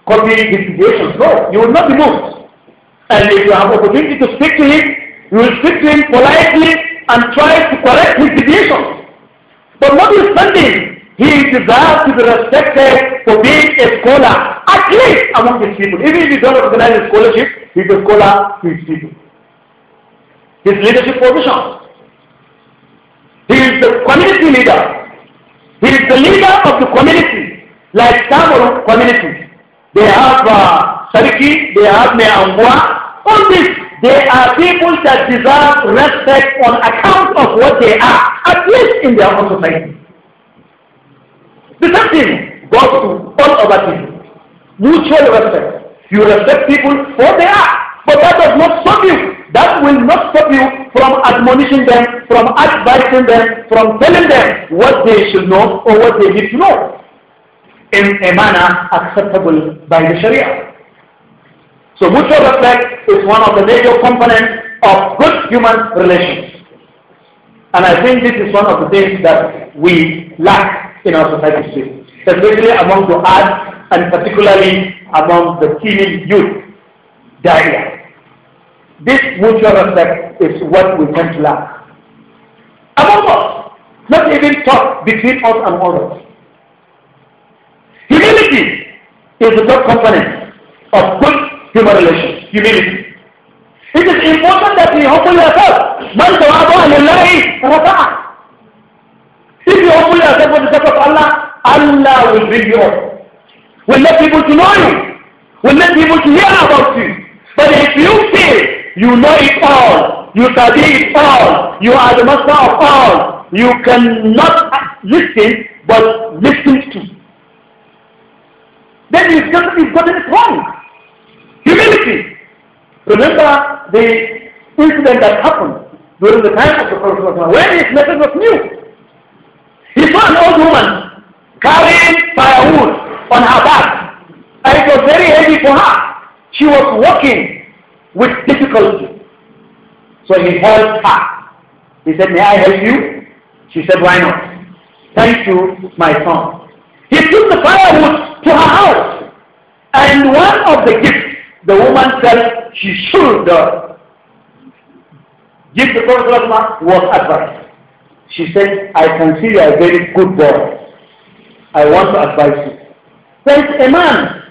copy his deviation. No, you will not be moved. And if you have opportunity to speak to him, you will speak to him politely and try to correct his deviation. But notwithstanding, he deserves to be respected for being a scholar, at least among his people. Even if he don't recognize his scholarship, he's a scholar to his people. His leadership position. He is the community leader. He is the leader of the community, like some communities. They have uh, Sariki, they have Meangwa. All these, they are people that deserve respect on account of what they are, at least in their own society. The same to all other people. Mutual respect. You respect people for they are, but that does not stop you. That will not stop you from admonishing them, from advising them, from telling them what they should know or what they need to know in a manner acceptable by the Sharia. So mutual respect is one of the major components of good human relations. And I think this is one of the things that we lack in our society especially among the arts and particularly among the teenage youth, diarrhea. This mutual respect is what we tend to lack. Among us, not even talk between us and others. Humility is the top component of good human relations. Humility. It is important that we humble ourselves. If you humble yourself with the sake of Allah, Allah will bring you up. Will let people to know you. Will let people to hear about you. But if you say you know it all, you study it all, you are the master of all, you cannot listen but listen to. Then you've gotten, you've gotten it wrong. Humility. Remember the incident that happened during the time of the Prophet when his message was new. He saw an old woman carrying firewood on her back, and it was very heavy for her. She was walking with difficulty. So he helped her. He said, May I help you? She said, Why not? Thank you, my son. He took the firewood to her house, and one of the gifts the woman said she should give the Prophet was advice. She said, I can see you a very good boy. I want to advise you. There's a man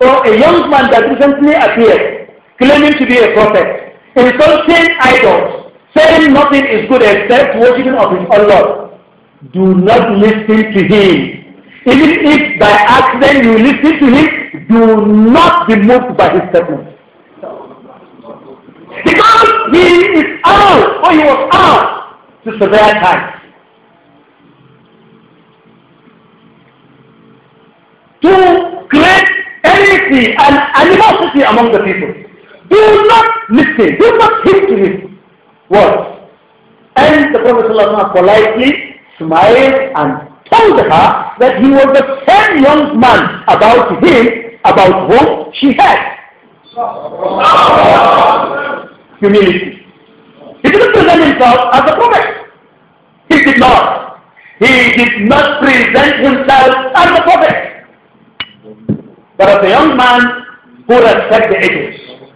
or a young man that recently appeared claiming to be a prophet, insulting idols, saying nothing is good except worshiping of his own Lord. Do not listen to him. Even if by accident you listen to him, do not be moved by his statement. Because he is out, or he was out to severe times. To create enmity and animosity among the people. Do not listen, do not hit to his words. And the Prophet ﷺ politely smiled and told her that he was the same young man about him, about whom she had. Humility. He didn't present himself as a prophet. He did not. He did not present himself as a prophet. But as a young man who respected the ages.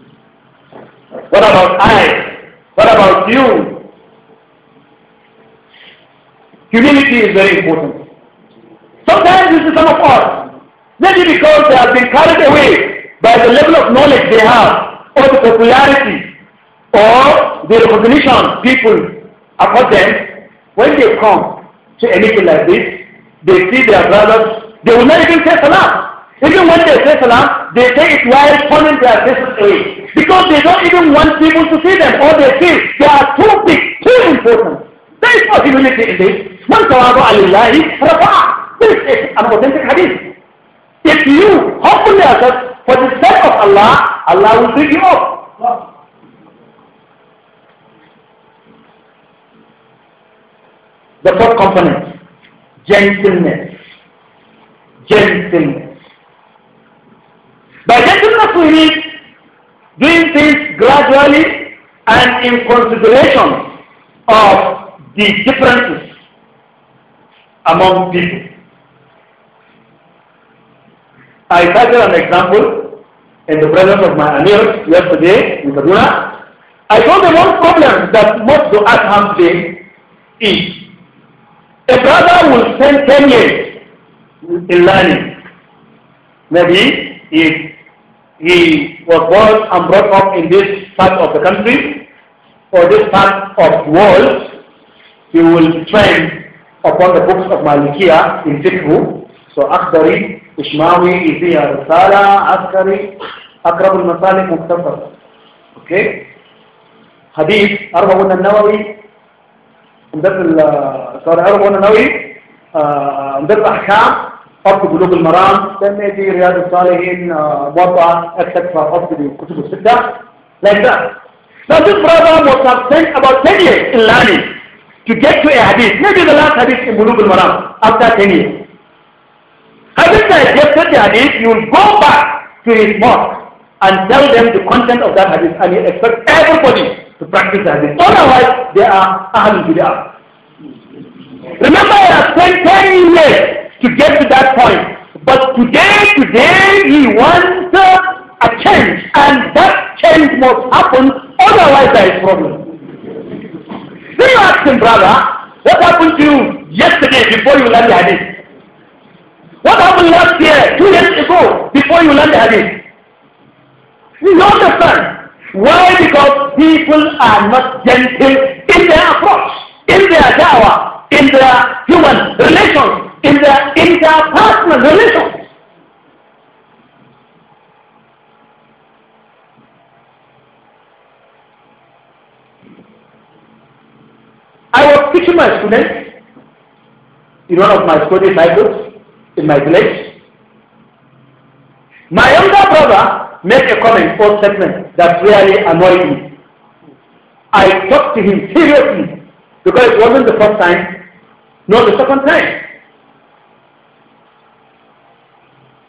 What about I? What about you? Humility is very important. Sometimes this is some of us. Maybe because they have been carried away by the level of knowledge they have or the popularity or the recognition people afford them, when they come to a meeting like this, they see their brothers, they will not even say salam. Even when they say salam, they say it while turning their faces away. Because they don't even want people to see them, or they feel they are too big, too important. There is no humility in this. Man tawadu alillahi rafa'a. This is an authentic hadith. If you humble yourself for the sake of Allah, Allah will bring you up. The fourth component, gentleness. Gentleness. By gentleness we mean doing things gradually and in consideration of the differences among people. I cited an example in the presence of my amirs yesterday in Kaduna. I told them one problem that most of us have today is A brother will spend 10 years in learning. Maybe if he was born and brought up in this part of the country or this part of the world, he will train upon the books of Malikiya in Fiqh. So Akhdari, Ishmawi, Izziya, Risala, Askari, Akrab al-Masalik, Okay? Hadith, Arba'un al-Nawawi, مدرس الشرع العرب وانا ناوي مدرس احكام قصد بلوغ المرام تنادي رياض الصالحين وضع اكثر قصد الكتب السته like that now this brother must have spent about 10 years in learning to get to a hadith maybe the last hadith in بلوغ المرام after 10 years Hadith you digested the hadith you will go back to his mosque and tell them the content of that hadith and you expect everybody to practice as it. Otherwise, they are Ahlul Bid'ah. Remember, it has spent 10 years to get to that point. But today, today, he wants a change. And that change must happen, otherwise there is problem. Then you ask him, brother, what happened to you yesterday before you learned the hadith? What happened last year, two years ago, before you learned the hadith? You understand? Why? Because people are not gentle in their approach, in their dawah, in their human relations, in their interpersonal relations. I was teaching my students in one of my study cycles in my village. My younger brother Make a comment or statement that really annoyed me. I talked to him seriously because it wasn't the first time, nor the second time.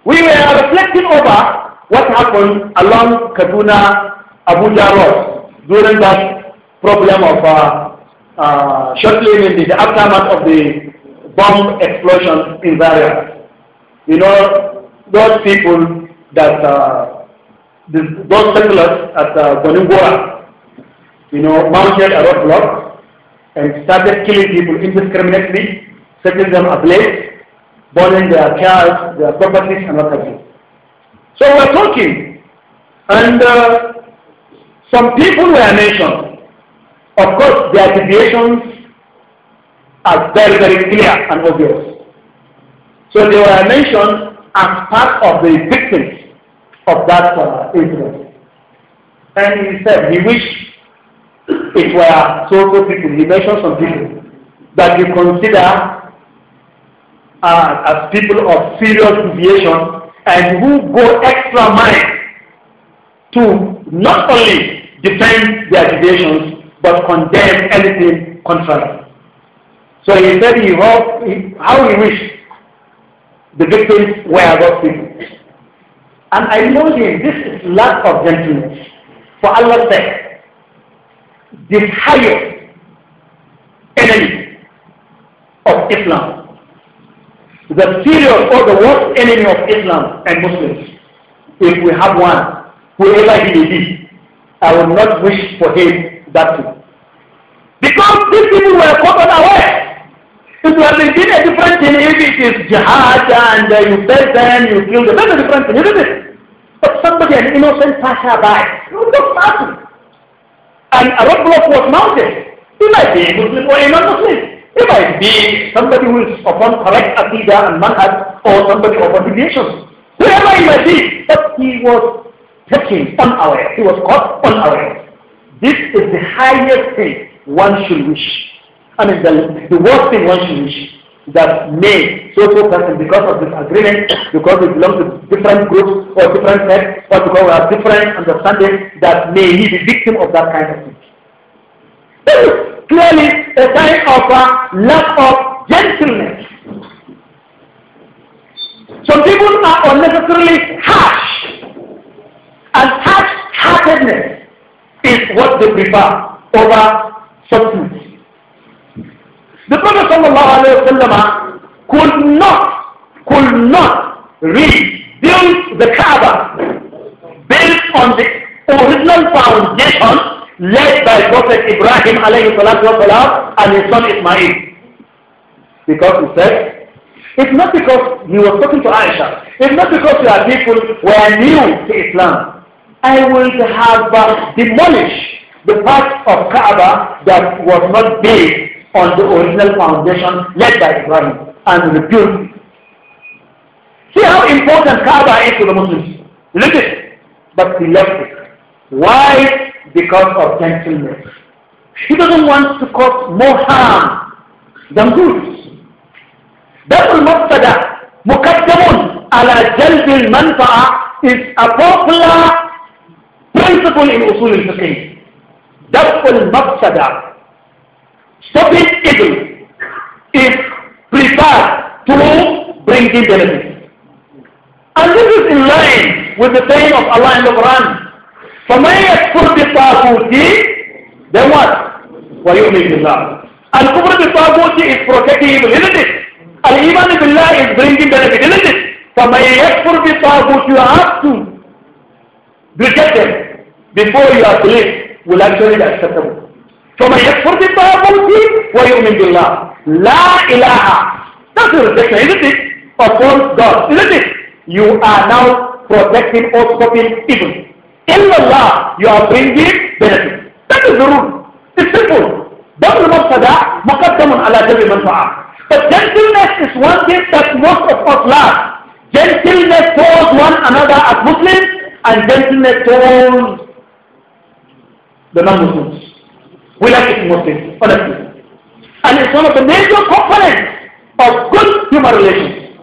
We were reflecting over what happened along Kaduna Abuja Road during that problem of uh, uh, shortly in the aftermath of the bomb explosion in Zaria. You know, those people that uh, the, those settlers at uh, Koningora, you know, mounted a roadblock and started killing people indiscriminately, setting them ablaze, burning their cars, their properties, and what have you. So we are talking, and uh, some people were mentioned. Of course, their deviations are very, very clear and obvious. So they were mentioned as part of the victims of that uh, And he said he wished it were so for people. He mentioned some people that you consider uh, as people of serious deviation and who go extra mile to not only defend their deviations but condemn anything contrary. So he said he hoped, he, how he wished the victims were those people. And I know this, this is lack of gentleness. For Allah sake, the highest enemy of Islam, the serious or the worst enemy of Islam and Muslims, if we have one, whoever he may be, I will not wish for him that too. Because these people were caught unaware. It would have been a different thing if it is jihad and uh, you face them, you kill them. That's a different thing, isn't it? But somebody, an innocent passerby, would not mountain. And a roadblock was mounted. He might be a Muslim or a non-Muslim. He might be somebody who is upon correct Aqidah and manhaj or somebody of deviation. Whoever he might be, but he was taken unaware. He was caught unaware. This is the highest thing one should wish. I mean, the, the worst thing one should wish that may so so person because of this agreement, because we belong to different groups or different sects, or because we have different understanding, that may he be victim of that kind of thing. clearly a sign of a lack of gentleness. Some people are unnecessarily harsh, and harsh-heartedness is what they prefer over substance. The Prophet ﷺ could not, could not rebuild the Kaaba built on the original foundation led by Prophet Ibrahim والسلام, and his son Ismail. Because he said, it's not because he was talking to Aisha. It's not because your people were new to Islam. I would have uh, demolished the part of Kaaba that was not built on the original foundation laid by Ibrahim and pure. See how important Kaaba is to the Muslims. Look at it. But he left it. Why? Because of gentleness. He doesn't want to cause more harm than good. That will not that. مقدم على is a popular principle in al fiqh. دفع المفسدة Stopping evil is preferred to bringing benefits. And this is in line with the saying of Allah in the Quran. فَمَنْ يَكْفُرْ بِالطَّاغُوتِ Then what? you وَيُؤْمِنْ بِاللَّهِ Al-Kufr بِالطَّاغُوتِ is protecting evil, isn't it? Al-Iman Allah is bringing benefit, isn't it? فَمَنْ يَكْفُرْ بِالطَّاغُوتِ You have to reject them before your belief will actually be acceptable. فَمَنْ يَكْفُرْ بِالطَّاغُوتِ وَيُؤْمِنْ بِاللَّهِ La ilaha. That's your rejection, isn't it? Oppose God, isn't it? You are now protecting or stopping evil. Allah, you are bringing benefit. That is the rule. It's simple. ضرب المفسدة مقدم على جلب المنفعة. But gentleness is one thing that most of us lack. Gentleness towards one another as Muslims and gentleness towards the non-Muslims. We like it Muslims, honestly and it's one of the major components of good human relations.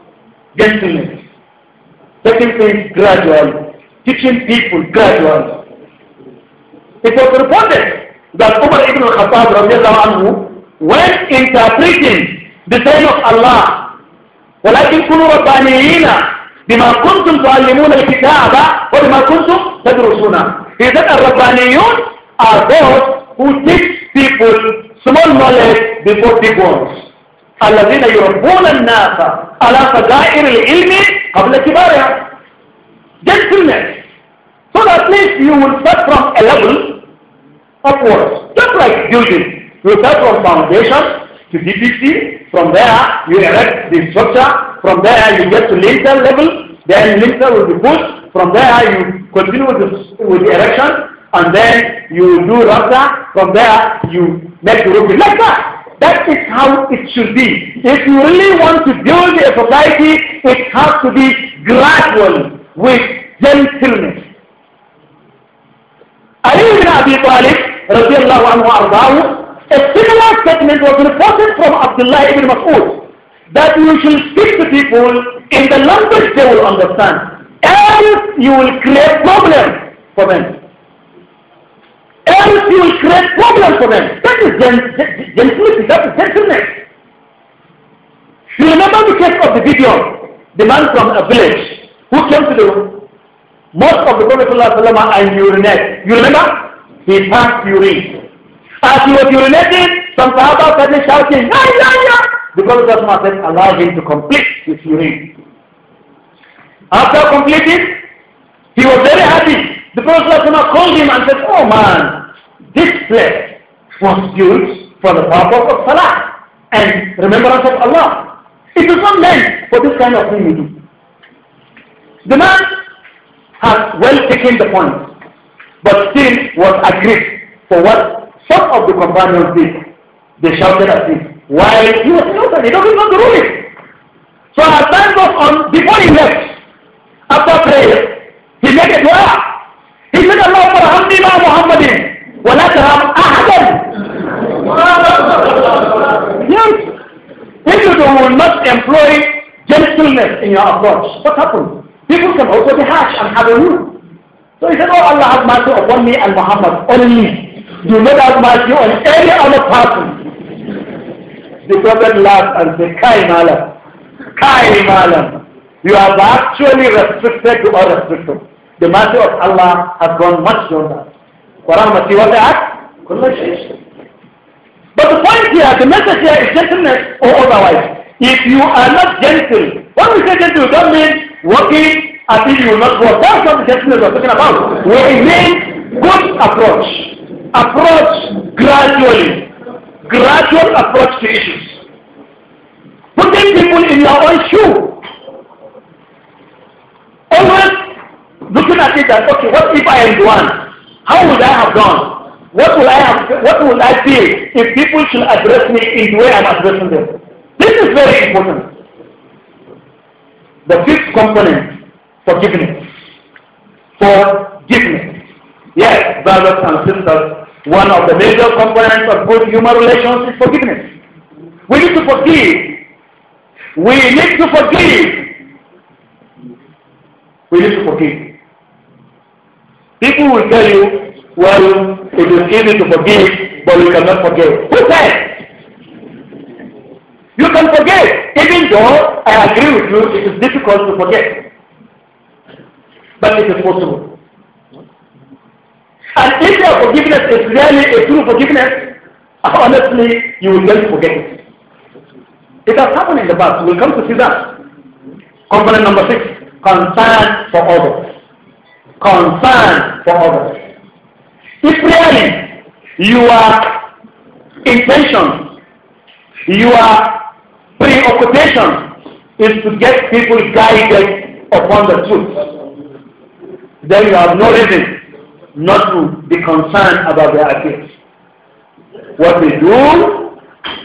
Gentleness. Taking things gradually. Teaching people gradually. It was reported that Umar ibn Khattab when interpreting the sign of Allah ولكن كونوا ربانيين بما كنتم تعلمون الكتاب وبما كنتم تدرسون إذا الربانيون are those who teach people small knowledge before big ones الذين يربون الناس على فجائر العلم قبل كبارها gentleness so that means you will start from a level upwards just like building you start from foundation to DPC from there you erect the structure from there you get to lintel level then lintel will be pushed from there you continue with the, with the erection and then you do rafter from there you make Europe like that. That is how it should be. If you really want to build a society, it has to be gradual with gentleness. Ali ibn Abi Talib, radiallahu anhu arba'u, a similar statement was reported from Abdullah ibn Mas'ud that you should speak to people in the language they will understand, else you will create problems for them. Else you will create problems for them. That is gentleness. That is gentleness. You remember the case of the video, the man from a village who came to the mosque of the Prophet and urinated. You remember? He passed urine. As he was urinating, some Sahaba started shouting, "Ya ya ya!" The Prophet said, allow him to complete his urine. After completing, he was very happy the Prophet called him and said, Oh man, this place was built for the purpose of Salah and remembrance of Allah. It was not meant for this kind of thing do. The man has well taken the point, but still was aggrieved for what some of the companions did. They shouted at him. Why? He was innocent. He doesn't know the ruling. So our time goes on before he left. After prayer, he made a dua he said, Allahumma rahamni ma Muhammadin wa la tarham ahadan. Yes. If you do not employ gentleness in your approach, what happens? People can also be harsh and have a rule. So he said, Oh Allah has mercy upon me and Muhammad, only. me. Do not have mercy on any other person. The Prophet laughed and said, Kai malam, Kai malam. You have actually restricted to all restrictions. The mercy of Allah has gone much beyond that. But the point here, the message here is gentleness or otherwise. If you are not gentle, when we say gentle, that means working until you will not work. That's not the gentleness we're talking about. We mean good approach. Approach gradually. Gradual approach to issues. Putting people in your own shoe at it and okay, what if I am the one? How would I have done? What would I have, what would I feel if people should address me in the way I'm addressing them? This is very important. The fifth component, forgiveness. Forgiveness. Yes, brothers and sisters, one of the major components of good human relations is forgiveness. We need to forgive. We need to forgive. We need to forgive. People will tell you, well, it is easy to forgive, but you cannot forgive. Who said? You can forget, even though I agree with you, it is difficult to forget. But it is possible. And if your forgiveness is really a true forgiveness, honestly, you will never forget it. It has happened in the past. We'll come to see that. Component number six, concern for others. concern for others. If really are intention, you are preoccupation is to get people guided upon the truth, then you have no reason not to be concerned about their affairs. What they do,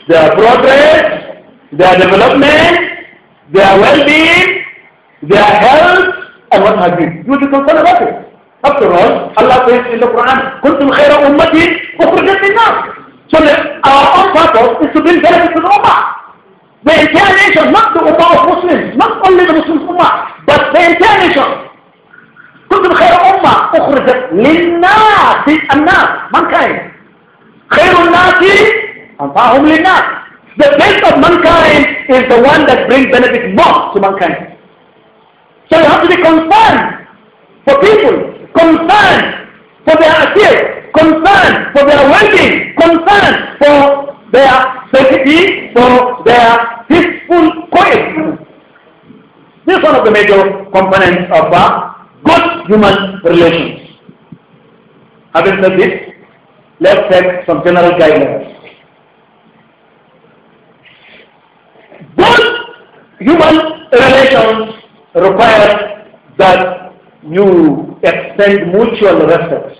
their progress, their development, their well-being, their health, الوجه الجديد يوجد كل باطل حتى الرجل الله في القرآن كنتم خير أمتي وخرجت من النار سنق أرقام فاتر استبين جلبة الأمة بإنسان إيشا مقد أمة المسلم مقد أمة المسلم أمة بس بإنسان إيشا كنتم خير أمة أخرجت للناس للناس من كاين خير الناس أنفعهم للناس The best of mankind is the one that brings benefit more to mankind. So you have to be concerned for people, concerned for their affairs, concerned for their well-being, concerned for their safety, for their peaceful coexistence. This is one of the major components of uh, good human relations. Having said this, let's take some general guidelines. Good human relations requires that you extend mutual respect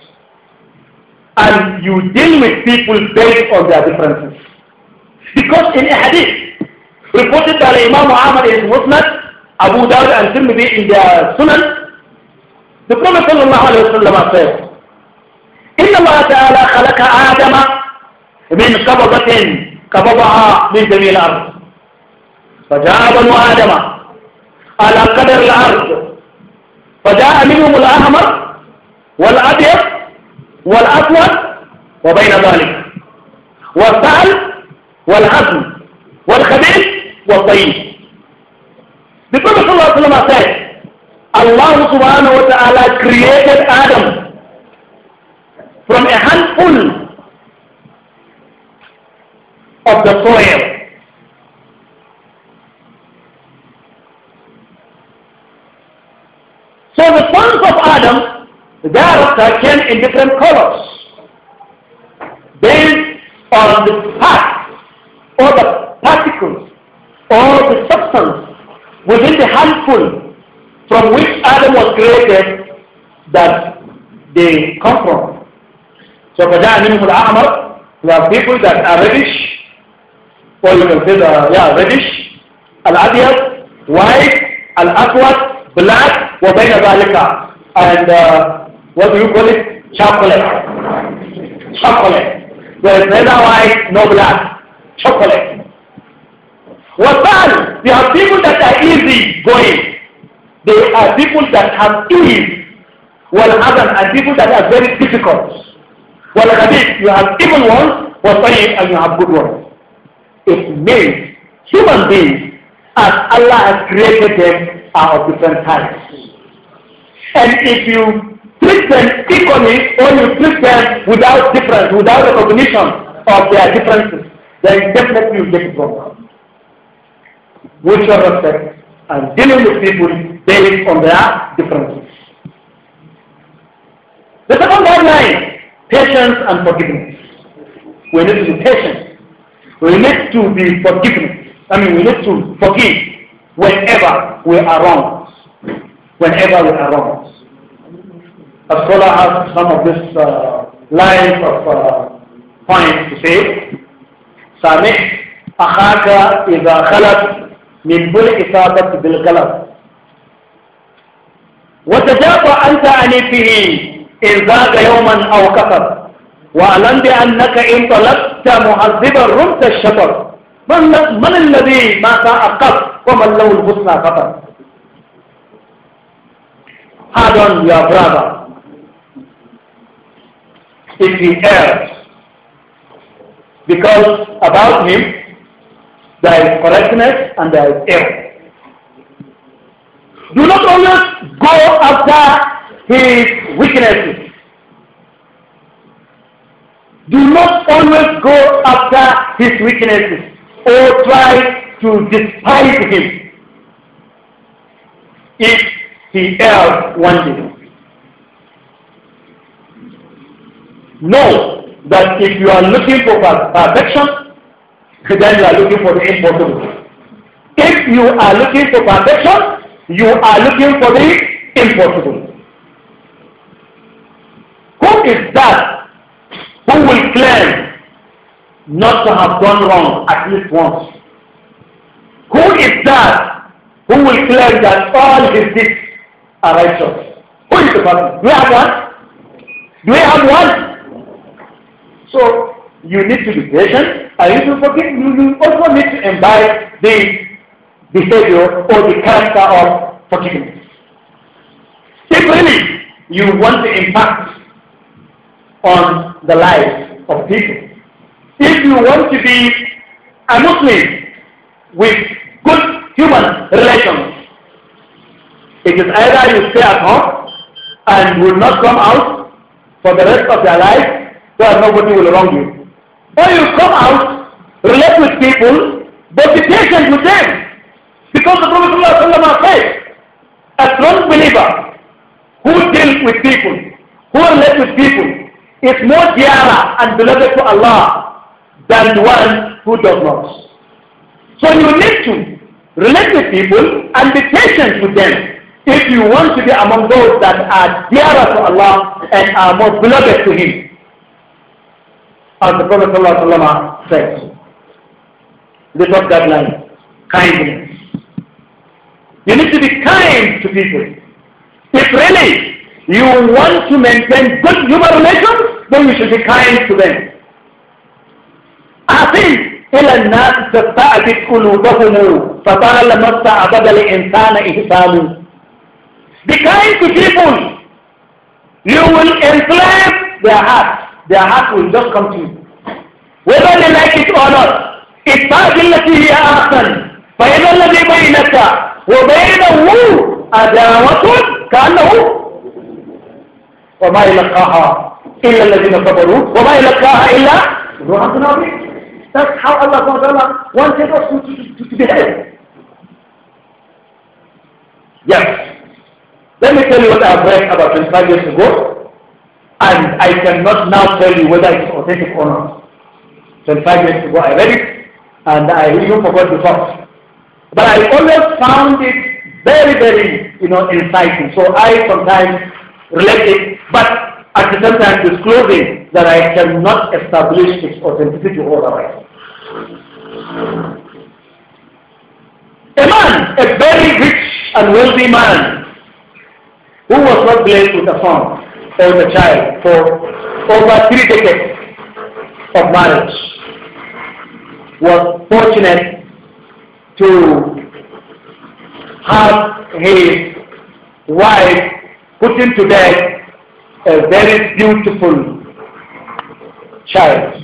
and you deal with people based on their differences. Because in a hadith reported by Imam Muhammad in Musnad, Abu Dawud and Tirmidhi in their Sunan, the Prophet ﷺ said, إن الله تعالى خلق آدم من قبضة قبضها من جميع الأرض فجاء بنو آدم على قدر الأرض فجاء منهم الأحمر والأبيض والأسود وبين ذلك والسأل والعزم والخبيث والطيب بقول صلى الله عليه وسلم قال الله سبحانه وتعالى created Adam from a handful of the soil So the sons of Adam thereafter came in different colors based on the part, or the particles or the substance within the handful from which Adam was created that they come from. So for فَجَاءَ مِنْهُ الْأَعْمَرُ There are people that are reddish or you can say the, yeah, reddish, al-adiyat, white, al aqua black وبين ذلك and uh, what do you call it? Chocolate. Chocolate. There is neither white no black. Chocolate. Wasal, there are people that are easy going. There are people that have ease. Well, other and people that are very difficult. Well, Khabib, you have evil ones, Wasayyid, and you have good ones. It means human beings, as Allah has created them, are of different types. And if you treat them equally or you treat them without difference, without recognition of their differences, then definitely you get wrong. With your respect and dealing with people based on their differences. The second guideline, patience and forgiveness. We need to be patient. We need to be forgiven. I mean, we need to forgive whenever we are wrong. Whenever we are wrong. A scholar has some of this uh, lines of uh, points to say. سامح أخاك إذا خلت من بالإصابة بالقلب وتجافى أنت عن به إن زاد يوما أو كثر واعلم بأنك إن طلبت مهذبا رمت الشطر من, من الذي ما تأقف وَمَنْ لَهُ الْحُسْنَى فَقَدْ Pardon your brother if he errs. Because about him there is correctness and there is error. Do not always go after his weaknesses. Do not always go after his weaknesses or try to despise him if he errs one day. Know that if you are looking for perfection, then you are looking for the impossible. If you are looking for perfection, you are looking for the impossible. Who is that who will claim not to have done wrong at least once? Who is that who will claim that all his deeds are righteous? Who is the person? Do we have one? Do we have one? So you need to be patient and you need to forgive. You also need to imbibe the behavior or the character of forgiveness. If really you want to impact on the lives of people, if you want to be a Muslim with good human relations. It is either you stay at home and will not come out for the rest of your life where nobody will wrong you. Or you come out, relate with people, but be patient with them. Because the Prophet ﷺ said, a strong believer who deals with people, who relates with people, is more dear and beloved to Allah than one who does not. So you need to Relate with people and be patient with them if you want to be among those that are dearer to Allah and are more beloved to Him. As the Prophet ﷺ said, the top guideline, kindness. You need to be kind to people. If really you want to maintain good human relations, then you should be kind to them. I think إلى الناس تستعبد قلوبهم فطال ما استعبد الإنسان إحسانه The kind of people you will enslave their heart. Their heart will just come to you. Whether they like it or not. اتبع التي هي أحسن فإذا الذي بينك وبينه عداوة كأنه وما يلقاها إلا الذين صبروا وما يلقاها إلا ذو حظ عظيم That's how Allah wanted us to, to, to behave. Yes. Let me tell you what I've read about 25 years ago, and I cannot now tell you whether it's authentic or not. 25 years ago I read it, and I even forgot the thought. But I always found it very, very, you know, inciting. So I sometimes relate it, but at the same time disclosing that I cannot establish its authenticity otherwise. A man, a very rich and wealthy man, who was not blessed with a son or a child for over three decades of marriage, was fortunate to have his wife put him to death a very beautiful child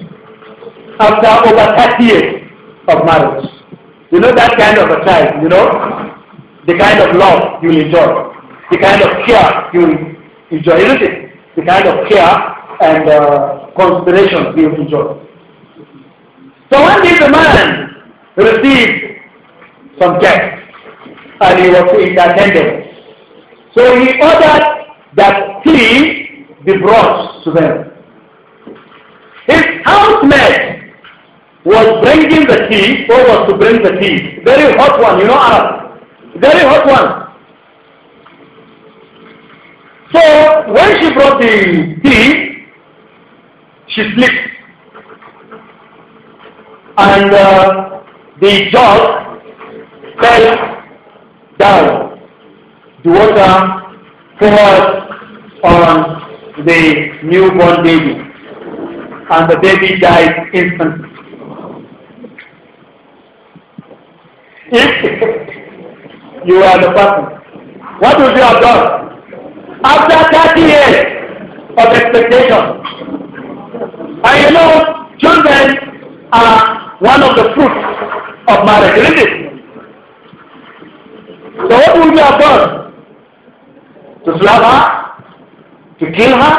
after over 30 years of marriage. You know that kind of a child, you know? The kind of love you will enjoy, the kind of care you will enjoy, isn't it? The kind of care and uh, consideration you will enjoy. So one day the man received some guests and he was to entertain them. So he ordered that tea be brought to them. His housemaid was bringing the tea, or was to bring the tea. Very hot one, you know Arab. Very hot one. So when she brought the tea, she slipped. And uh, the jug fell down. The water poured on the newborn baby and the baby died instantly. If you are the person, what would you have done? After 30 years of expectation, I you know children are one of the fruits of marriage, isn't it? So what would you have done? To slap her? to kill her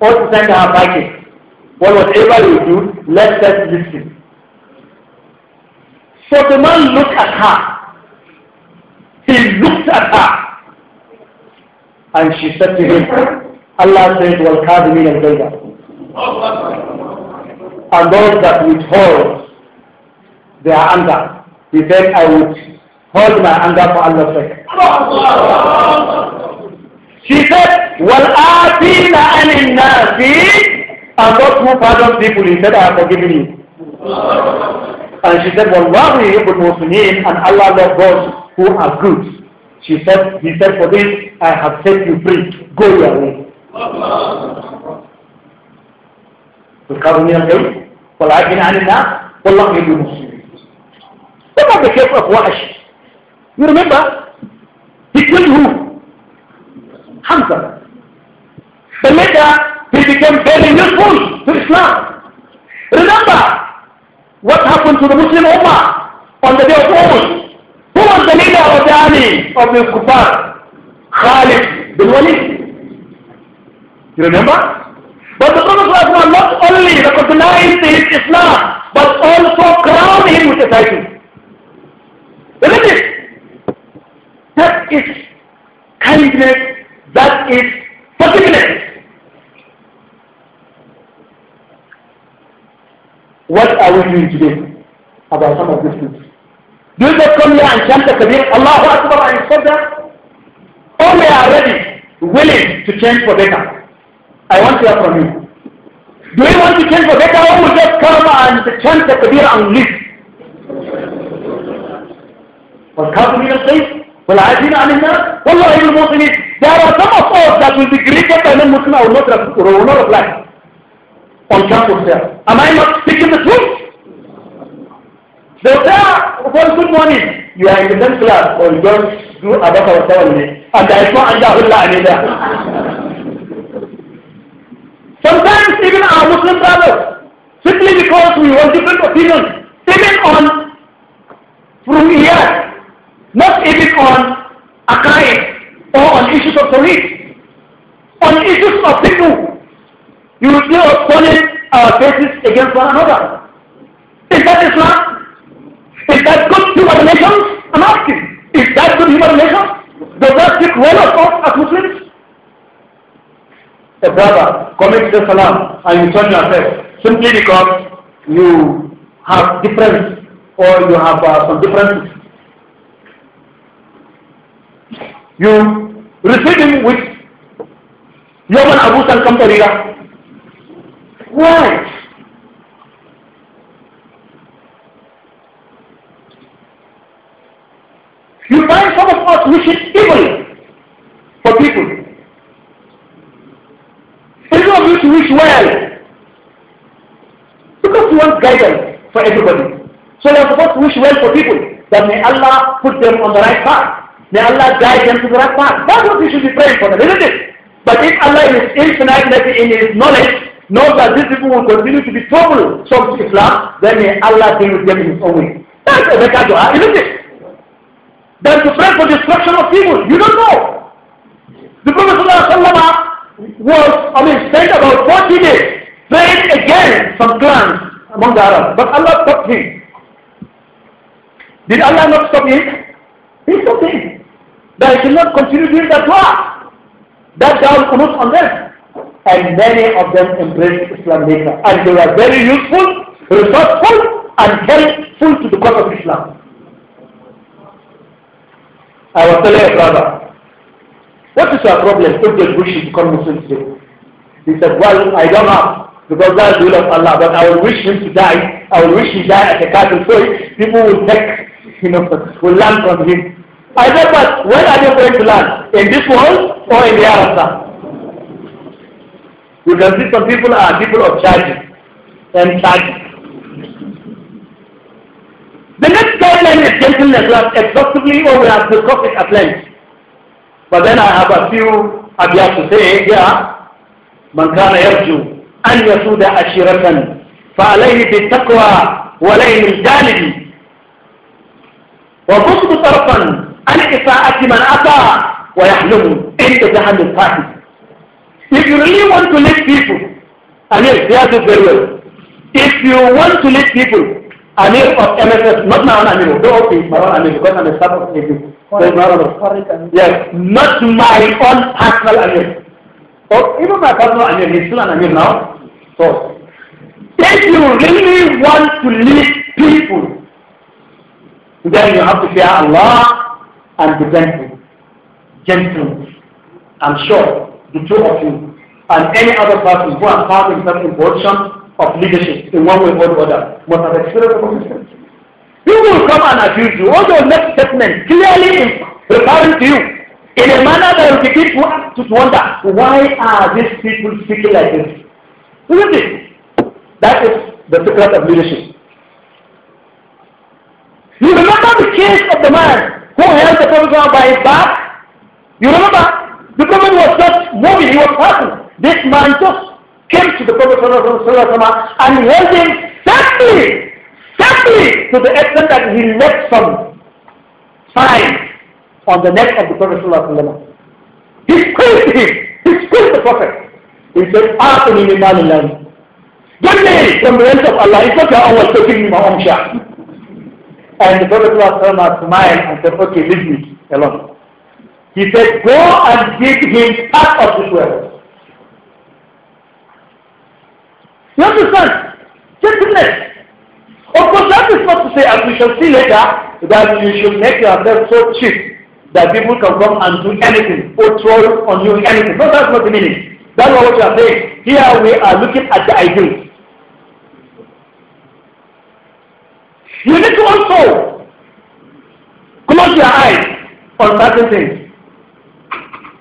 or to send her packing. Well, whatever you do, let us listen. So the man looked at her. He looked at her. And she said to him, Allah said, Well, Kadimin al Gaida. And those that withhold their anger. He said, I would hold my anger for Allah's sake. She said, والآتين عن الناس and those who pardon people he said I have forgiven you and she said والله يحب المحسنين and Allah loves those who are good she said he said for this I have set you free go your way تذكروا من الجيد والعافين عن الناس والله يحب المحسنين What about the case of Wahash. You remember? He killed who? Hamza. But later, he became very useful to Islam. Remember what happened to the Muslim Omar on the day of Uhud. Who was the leader of the army of the Kufar, Khalid bin Walid. You remember? But the Prophet was not only recognized his Islam, but also crowned him with a title. Isn't it? That is kindness, that is forgiveness. What are we doing today about some of these things? Do you just come here and chant the Kabir, Allahu Akbar I stop that? Or we are ready, willing to change for better? I want to hear from you. Do you want to change for better or will just come and chant the Kabir and leave? What Well, I والكافر من السيف والعاجين عن الناس والله المؤمنين There are some of us that will be greater than a Muslim or not, or not of on campus there. Am I not speaking the truth? They will say, well, good morning. You are in the same class, or you don't do about our ceremony. And there is no Anjahullah in there. Sometimes even our Muslim brothers, simply because we hold different opinions, even on here, not even on Akaid or on issues of Tariq, on issues of people you will be turning our faces against one another. Is that Islam? Is that good human relations? I'm asking. Is that good human relations? The worst speak well of us as Muslims? A brother commits the salam and you turn yourself simply because you have difference or you have uh, some differences. You receive him with Yaman Abu San Kamtariga what? You find some of us wish evil for people. Some of you to wish well. Because you want guidance for everybody. So you are supposed to wish well for people. That may Allah put them on the right path. May Allah guide them to the right path. That's what we should be praying for them, isn't it? But if Allah is infinite in His knowledge, Know that these people will continue to be trouble some Islam, then may Allah deal with them in his own way. That's a better dua, isn't it? Then to pray for destruction of people. You don't know. The Prophet was, I mean, spent about 40 days praying against some clans among the Arabs. But Allah stopped him. Did Allah not stop him? He stopped him. That he cannot continue doing that work. That down comes on them and many of them embraced Islam later. And they were very useful, resourceful, and helpful to the cause of Islam. I was telling a brother, what is your problem if the Bush become Muslim today? He said, well, I don't know, because that's the will of Allah, but I will wish him to die. I will wish he die at the castle, so people will take, you know, will learn from him. I said, but when are you going to learn? In this world or in the after? You can see some people are people of charity and charging. The next guideline is gentleness. We have exhaustively or we have discussed it at length. But then I have a few abiyat to say here. من كان يرجو أن يسود عشيرة فعليه بالتقوى ولين الجانب وضبط طرفا عن إساءة من أتى ويحلم عند جهنم الفاتح If you really want to lead people, and yes, they are doing very well. If you want to lead people, Amir of MSF, not my own Amir, don't open my own Amir because I'm a staff of APU. Yes, not my own personal Amir. Or even my personal Amir, he's still an Amir now. So, if you really want to lead people, then you have to fear Allah and be gentle. Gentle. I'm sure the two of you, and any other person who has found himself in position of leadership in one way or the other must have experienced consciousness. People will come and accuse you. All those next statements clearly referring to you in a manner that will begin to, to wonder why are these people speaking like this? Isn't it? That is the secret of leadership. You remember the case of the man who held the Prophet by his back? You remember? The Prophet was just moving, he was passing. This man just came to the Prophet and held him safely, safely to the extent that he left some sign on the neck of the Prophet. He squeezed him, he squeezed the Prophet. He said, Atani Limanillah. Give me from the rest of Allah. It's not your own was taking me my own shot. And the Prophet smiled and said, Okay, leave me alone. He said, Go and give him part of his wealth. You understand? Gentleness. Of course, that is not to say, as we shall see later, that you should make yourself so cheap that people can come and do anything or throw on you anything. No, that's not the meaning. That's not what you are saying. Here we are looking at the ideal. You need to also close your eyes on certain things.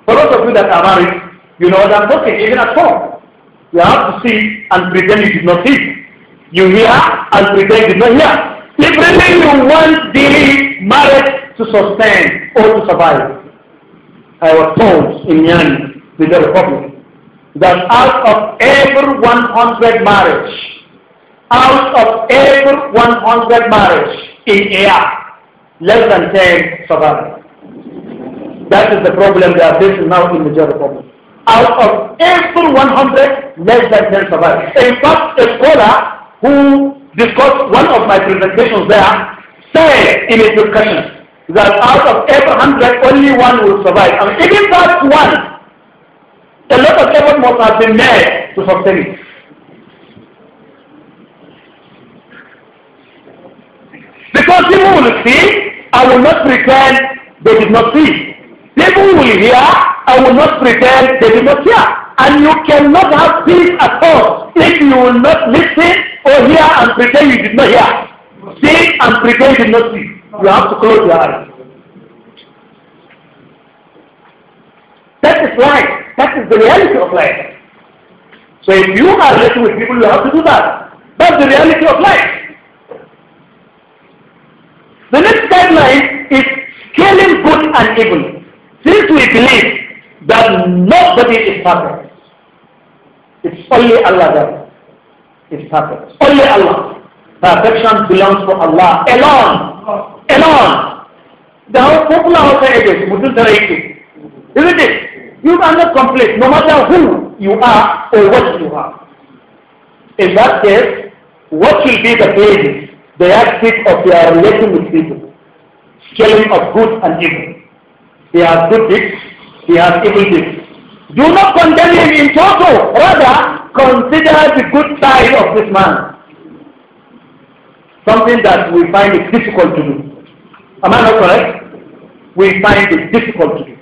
For those of you that are married, you know I'm talking. even at home. You have to see and pretend you did not see. You hear and pretend you did not hear. Everything you want the marriage to sustain or to survive, I was told in Yan, the Republic, that out of every 100 marriage, out of every 100 marriage in a less than 10 survive. That is the problem they are facing now in the Republic. Out of every 100, less than 10 survive. In fact, a scholar who discussed one of my presentations there said in his discussion that out of every 100, only one will survive. And even that one, a lot of effort must have been made to sustain it. Because people will see, I will not pretend they did not see. People will hear and will not pretend they did not hear. And you cannot have peace at all if you will not listen or hear and pretend you did not hear. See and pretend you did not see. You have to close your eyes. That is life. That is the reality of life. So if you are listening with people, you have to do that. That's the reality of life. The next guideline is scaling good and evil. Since we believe that nobody is perfect, it's only Allah that is perfect. Only Allah. Perfection belongs to Allah alone. Alone. The whole popular also agents, Muslim Isn't it? You cannot complain no matter who you are or what you are. In that case, what will be the basis, the aspect of your relation with people, scaling of good and evil? He has good deeds, he has evil deeds. Do not condemn him in total, rather consider the good side of this man. Something that we find it difficult to do. Am I not correct? We find it difficult to do.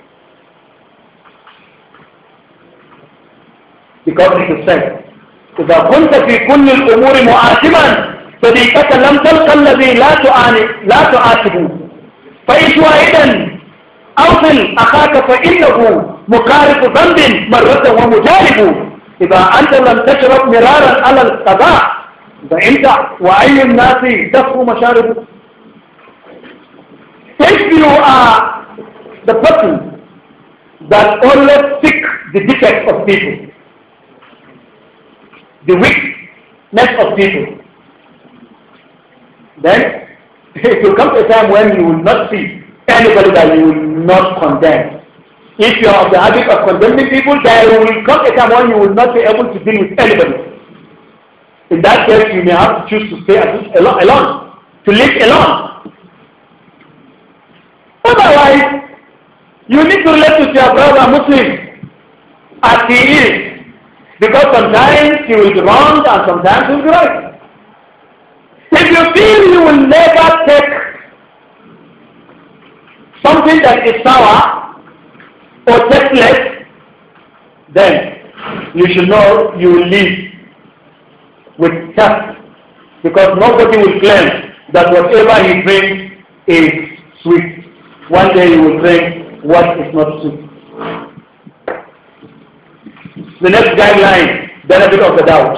Because it is said, إذا كنت في كل الأمور معاتبا صديقك لم تلقى الذي لا تعاني لا تعاتبه فإن شوائدا أوزن أخاك فإنه مقارب ذنب مرة ومجارب إذا أنت لم تشرب مرارا على القضاء فإنت وأي الناس تفو مشارب If you are the person that always seek the defects of people, the weakness of people, then it will come to a time when you will not see anybody that you will not condemn. If you are of the habit of condemning people, there will come a time when you will not be able to deal with anybody. In that case, you may have to choose to stay alone, to live alone. Otherwise, you need to relate with your brother Muslim as he is. Because sometimes he will be wrong and sometimes he will be right. If you feel you will never take something that is sour or tasteless, then you should know you will live with thirst. Because nobody will claim that whatever he drinks is sweet. One day you will drink what is not sweet. The next guideline, benefit of the doubt.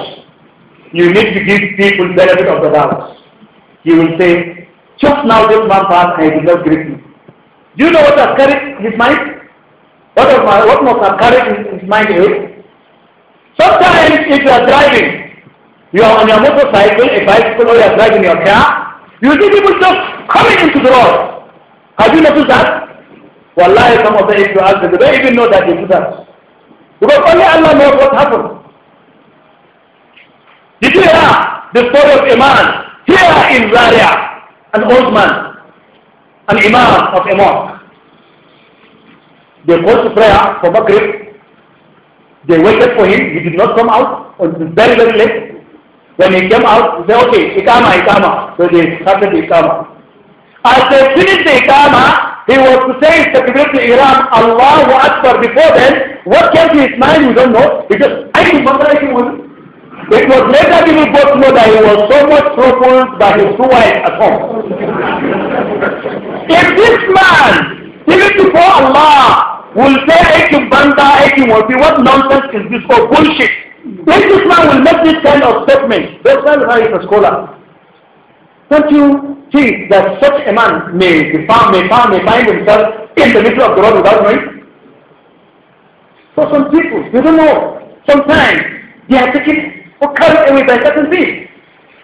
You need to give people benefit of the doubt. You will say, just now this man passed and he did not greet me. Do you know what has carried his mind? What, of my, what must have carried his, his mind away? Sometimes if you are driving, you are on your motorcycle, a bicycle, or you are driving your car, you see people just coming into the road. Have you noticed that? Wallahi, some of them, if you ask them, they don't even know that they do that. Because only Allah knows what happened. Did you hear the story of a man here in Zaria, an old man? an imam of a mosque. They called to prayer for Maghrib. They waited for him. He did not come out until very, very late. When he came out, they said, okay, Ikama, Ikama. So they started the Ikama. As they finished the Ikama, he was to say the people to Iran, Allah Akbar before then. What came to his mind, we don't know. Because I think memorizing was it was later got both know that he was so much troubled by his two wives at home. If this man, even before Allah, will say aikin banda, aikin wafi, what nonsense is this for bullshit? If this man will make this kind of statement, don't tell her he's a scholar. Don't you think that such a man may, found, may, found, may find himself in the middle of the road without knowing? For some people, they don't know. Sometimes they are taken or carried away by certain things.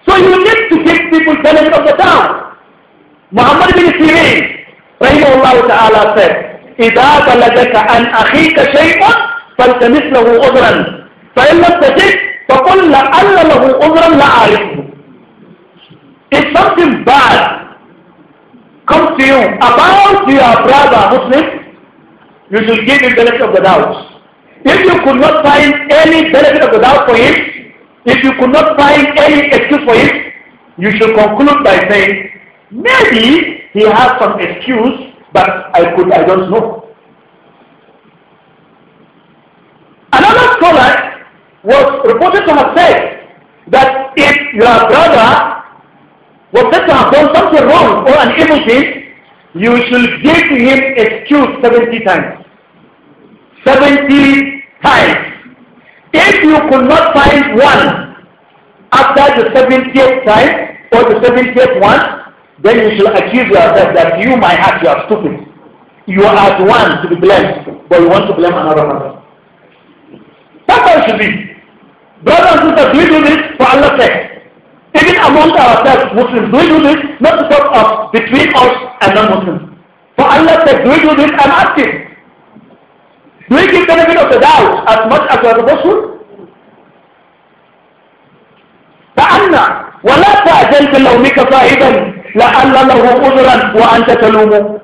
So you need to give people knowledge of the town. Muhammad bin Sirin, Rahimahullah Ta'ala said, إِذَا بَلَدَكَ أَنْ أَخِيكَ شَيْءٌ فَالْتَمِسْ لَهُ عُذْرًا فَإِنْ لَمْ تَجِدْ فَقُلْ لَأَلَّ لَهُ عُذْرًا لَعَارِفْهُ If something bad comes to you about your brother Muslim, you should give him benefit of the doubt. If you could not find any benefit of the doubt for him, if you could not find any excuse for him, you should conclude by saying, Maybe he has some excuse, but I could, I don't know. Another scholar was reported to have said that if your brother was said to have done something wrong or an evil thing, you should give him excuse 70 times. 70 times. If you could not find one after the 70th time or the 70th one, then you should accuse yourself that you, my heart, you are stupid. You are at one to be blamed, but you want to blame another person. That's how it should be. Brothers and sisters, we do this for Allah's sake. Even among ourselves, Muslims, we do this not because of between us and non-Muslims. For Allah's sake, we do this? I'm asking. Do we give benefit of the doubt as much as we are supposed to? فأنا ولا تعجل بلومك صاحبا لعل له عذرا وأنت تلومه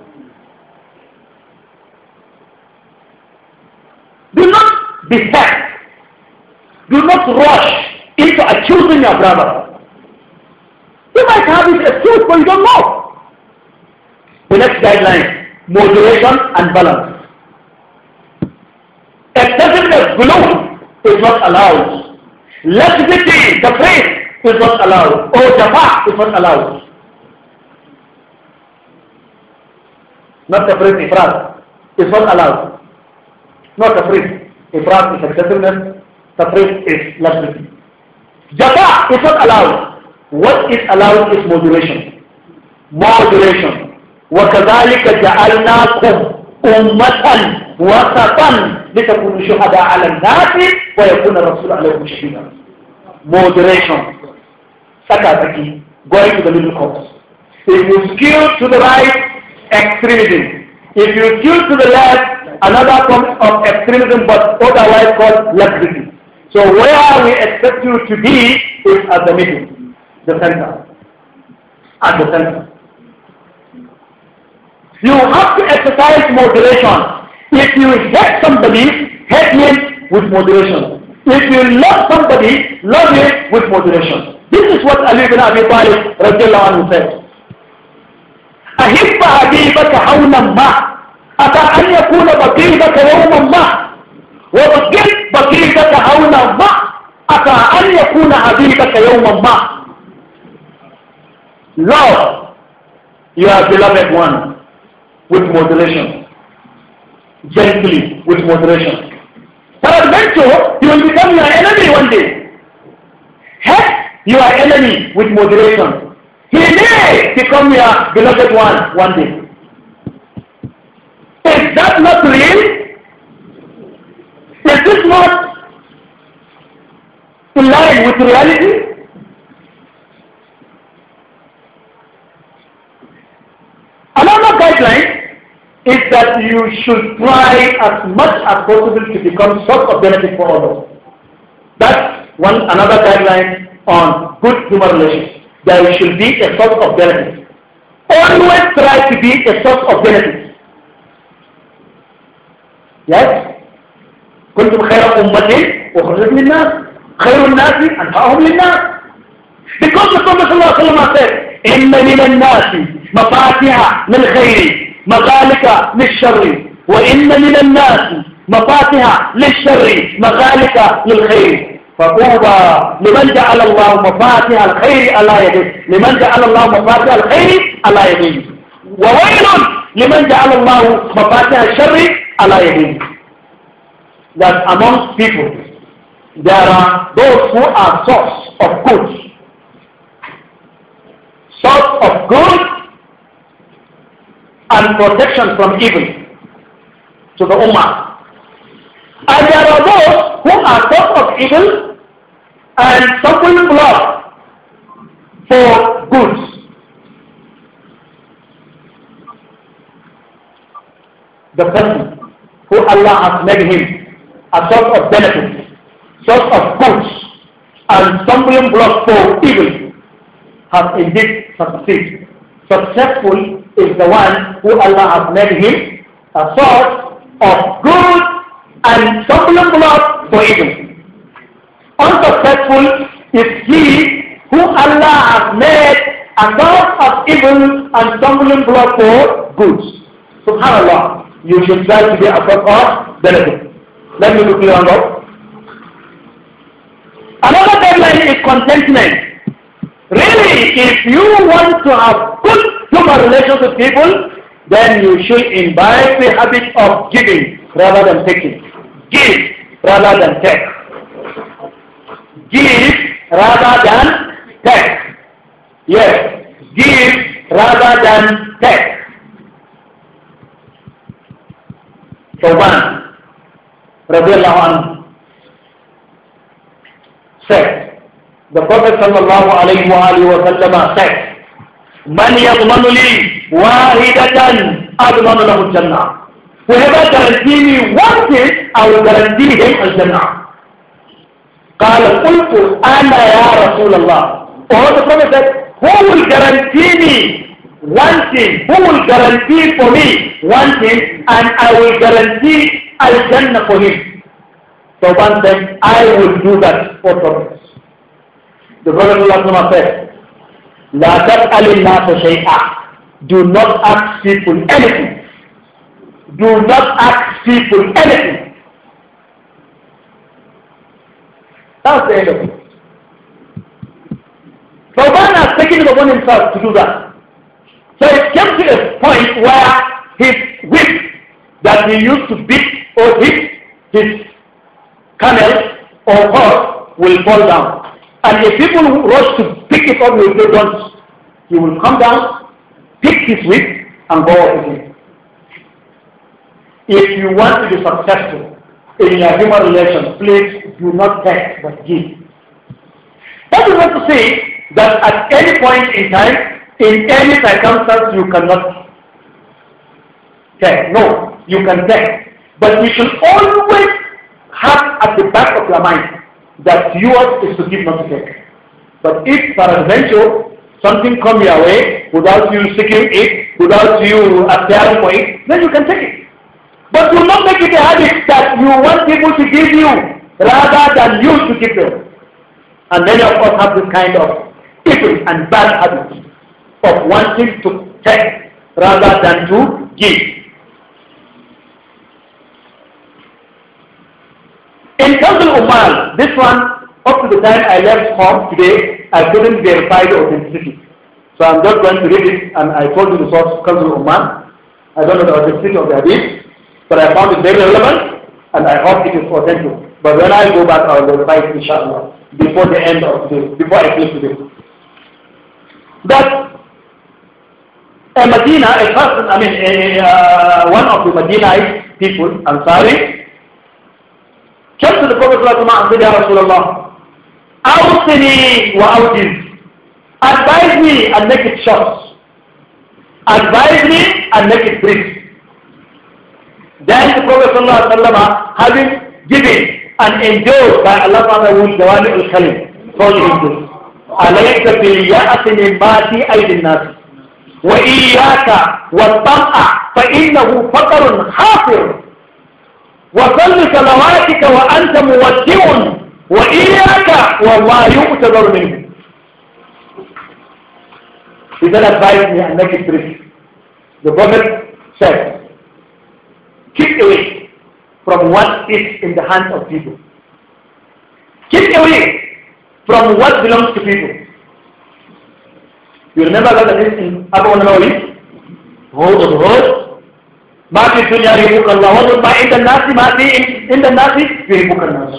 Do not be sad. Do not rush into accusing your brother. You might have his excuse, but you don't know. The next guideline, moderation and balance. Excessiveness, gloom is not allowed. Lexity, the praise is not allowed. Oh, Jafar, is not allowed. Not separate ifrat. It's not allowed. Not separate. Ifrat is excessiveness. Separate is luxury. Jata is not allowed. What is allowed is moderation. Moderation. وكذلك جعلناكم أمة وسطا لتكونوا شهداء على الناس ويكون الرسول عليكم شهيدا moderation sakataki going to the middle course if you skew to the right extremism. If you tilt to the left, another form of extremism, but otherwise called leftism. So where we expect you to be is at the middle, the center, at the center. You have to exercise moderation. If you hate somebody, hate him with moderation. If you love somebody, love him with moderation. This is what Ali ibn Abi Talib said. أحب حبيبك حولا ما أتى أن يكون بقيتك يوما ما وبقيت بقيتك حولا ما أتى أن يكون حبيبك يوما ما Love your beloved one with moderation, gently with moderation. Peradventure, he will become your enemy one day. Hate your enemy with moderation. He may become your beloved one one day. Is that not real? Is this not in line with reality? Another guideline is that you should try as much as possible to become source of benefit for others. That's one another guideline on good human relations. There should be a source of benefit. Always try to be a source of benefit. Yes? كنتم خير أمتي وخرجت الناس خير الناس أنفعهم للناس Because the Prophet صلى الله عليه وسلم said إن من الناس مفاتيح للخير مغالك للشر وإن من الناس مفاتيح للشر مغالك للخير فطوبى لمن جعل الله مفاتيح الخير على يديه لمن جعل الله مفاتيح الخير على يديه وويل لمن جعل الله مفاتيح الشر على يديه that among people there are those who are source of good source of good and protection from evil to the ummah and there are those who are thought of evil and suffering blood for goods. The person who Allah has made him a source of benefits, source of goods, and stumbling block for evil has indeed succeeded. Successful is the one who Allah has made him a source of good and stumbling block forgiven. Unsuccessful is he who Allah has made a god of evil and stumbling block for good. SubhanAllah, you should try to be a part of benefit. Let me look you on Another deadline is contentment. Really, if you want to have good human relations with people, then you should imbibe the habit of giving rather than taking. Give rather than check, Give rather than check. Yes, give rather than check. So one, radiallahu anhu, said, the Prophet sallallahu alayhi wa sallam said, من يضمن لي واحدة أضمن له الجنة whoever guarantees me one thing I will guarantee him al-Jannah قال قلت أنا يا رسول الله or the Prophet said who will guarantee me one thing who will guarantee for me one thing and I will guarantee al-Jannah for him so one said I will do that for Prophet the Prophet Allah said لا تسأل الناس شيئا do not ask people anything do not ask people anything. That's the end of it. So man has taken it upon himself to do that. So it came to a point where his whip that he used to beat or hit his camel or horse will fall down. And the people who rush to pick it up will say, don't. He will come down, pick his whip, and go off again. If you want to be successful in your human relations, please do not take but give. That is not to say that at any point in time, in any circumstance, you cannot take. No, you can take. But you should always have at the back of your mind that yours is to give, not to take. But if peradventure something come your way without you seeking it, without you applying for it, then you can take it. But do not make it a habit that you want people to give you rather than you to give them. And many of us have this kind of evil and bad habit of wanting to take rather than to give. In Kazul Umar, this one, up to the time I left home today, I couldn't verify the authenticity. So I'm just going to read it and I told you the source, Kazul Umar. I don't know the authenticity of the hadith. But I found it very relevant and I hope it is authentic. But when I go back, I will revise inshallah before the end of this, before I finish this. That a Medina, a person, I mean, a, uh, one of the Medina people, I'm sorry, came to the Prophet and said, Ya Rasulullah, Awsini wa awdiz. Advise me and make it short. Advise me and make it brief. That the Prophet ﷺ having given and endured by Allah Ta'ala with Jawami al-Khalim for the Hindus. عليك باليأس مما في أيدي الناس وإياك والطمع فإنه فقر حافر وصل صلواتك وأنت مودع وإياك وما يؤتذر منه إذا advised me and make it brief. The Prophet said, Keep away from what is in the hands of people. Keep away from what belongs to people. You remember that in Abu Nawawi? Hold on, hold. ما في الدنيا يهلك الله وما عند الناس ما في عند الناس يهلك الناس.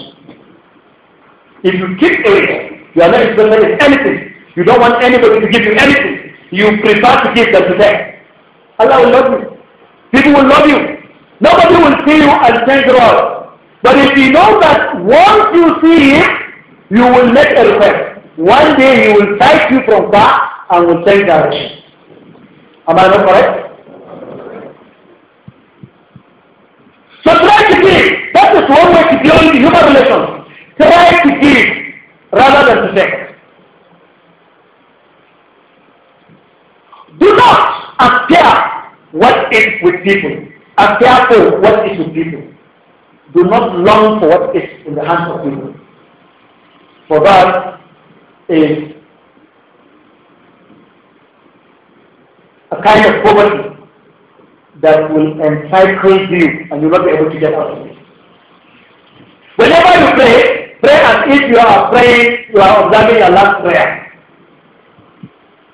If you keep away, you are not expecting anything. You don't want anybody to give you anything. You prefer to give than to take. Allah will love you. People will love you. Nobody will see you as dangerous. But if you know that once you see it, you will make a request. One day he will take you from far and will take direction. Am I not correct? So try to give. That is one way to deal with human relations. Try to give rather than to take. Do not appear what is with people and careful what is with people. Do not long for what is in the hands of people. For that is a kind of poverty that will encircle you and you will not be able to get out of it. Whenever you pray, pray as if you are praying, you are observing your last prayer.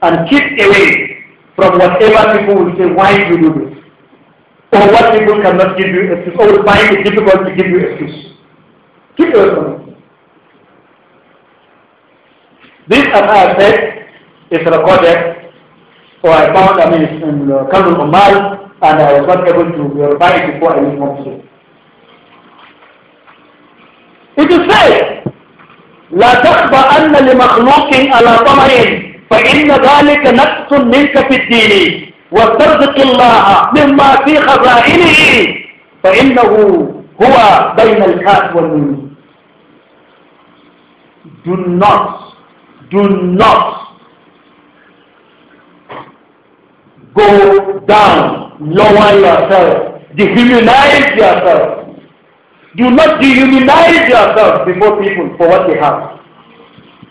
And keep away from whatever people will say, why do you do this? or what people cannot give you excuse or will find it difficult to give you excuse. Keep your commitment. This, as I said, is recorded, or I found, I mean, in the Council of Mal, and I was not able to verify it before I went home today. It is said, لا أن لمخلوق على طمع فإن ذلك نقص منك في الدين واسترزق الله مما في خزائنه فإنه هو بين الكاف والنون do not do not go down lower yourself dehumanize yourself do not dehumanize yourself before people for what they have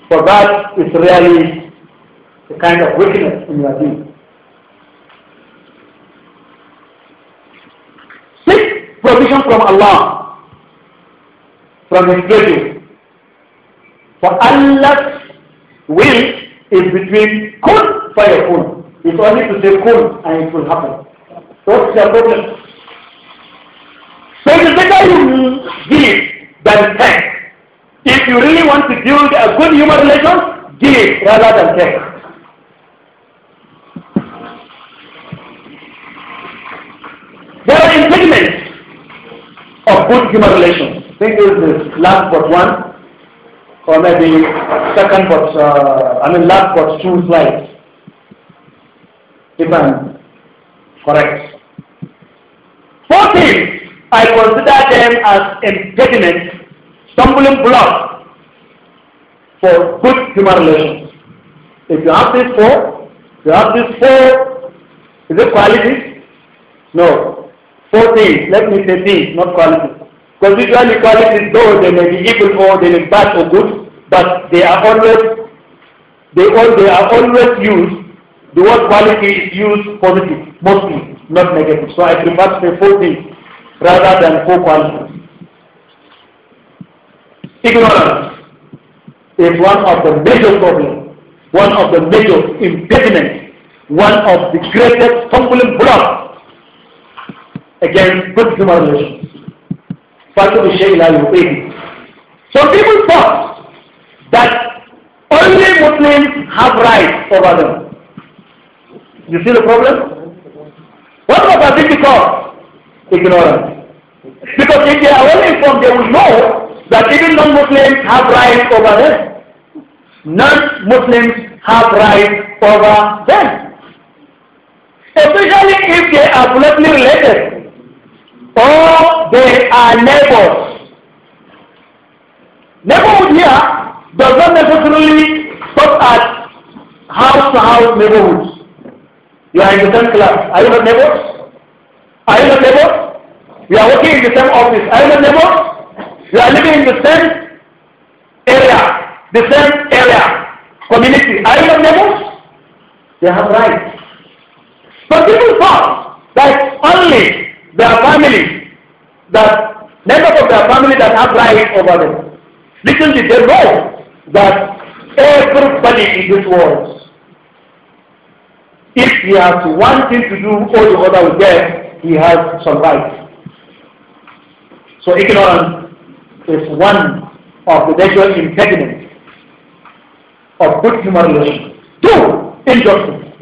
for that is really the kind of wickedness in your deeds. provision from Allah, from His schedule. For Allah's will is between kun fayakun. It's only to say kun and it will happen. What's your problem? So the better you give than take. If you really want to build a good human relation, give rather than take. There are impediments of good human relations. Think is this last but one, or maybe second but, uh, I mean last but two slides. If I'm correct. Four things I consider them as impediments, stumbling blocks for good human relations. If you have these four, you have these four, is it qualities? No, Four things. Let me say things, not qualities. Because usually qualities, though they may be evil or they may be bad or good, but they are always they all they are always used. The word quality is used positive, mostly, not negative. So I prefer to say four things rather than four qualities. Ignorance is one of the major problems, one of the major impediments, one of the greatest stumbling blocks Again, good human relations. So people thought that only Muslims have rights over them. You see the problem? What was it because? Ignorance. Because if they are well informed, they will know that even non-Muslims have rights over them. Non-Muslims have rights over them. Especially if they are bloodly related are neighbors. Neighborhood here does not necessarily stop at house to house neighborhoods. You are in the same class. Are you not neighbors? Are you not neighbors? You are working in the same office. Are you not neighbors? You are living in the same area, the same area, community. Are you not neighbors? They have rights. But people thought that only their family that members of their family that have rights over them. Listen to the know that everybody in this world, if he has one thing to do all the other with them, he has some rights. So ignorance is one of the major impediments of good human relations. Two, injustice.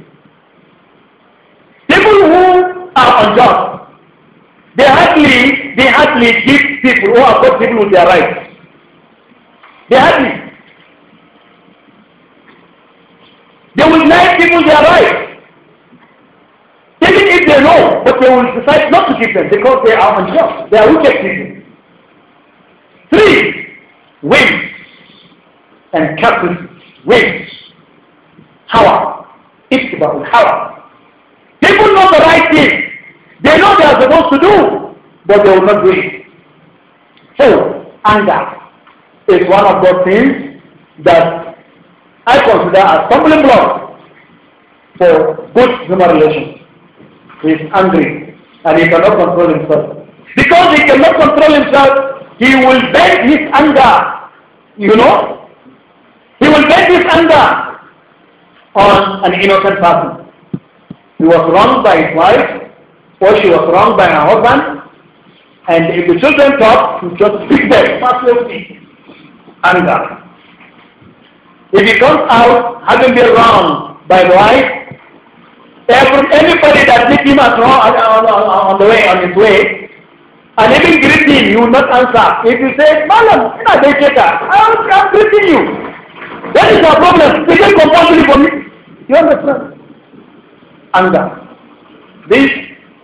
People who are unjust They hardly, they hardly give people who are not people with their rights. They hardly. They will deny people their rights. Even if they know, but they will decide not to give them because they are unjust. They are wicked people. Three, wings and captain wings. Hawa. Istiba Hawa. People know the right thing. They know they are supposed to do, but they will not do it. So, anger is one of those things that I consider a stumbling block for good human relations. He is angry and he cannot control himself. Because he cannot control himself, he will bend his anger, you know? He will bend his anger on an innocent person. He was wronged by his wife what she was wronged by her husband. And if the children talk, you just speak them passively. Anger. If he comes out having been wronged by the wife, every anybody that meets him at wrong, on, on, on, on the way, on his way, and even greeting, you will not answer. If you say, Madam, I'm, I'm greeting you. That is our problem. It is compulsory for me. You understand? Anger. This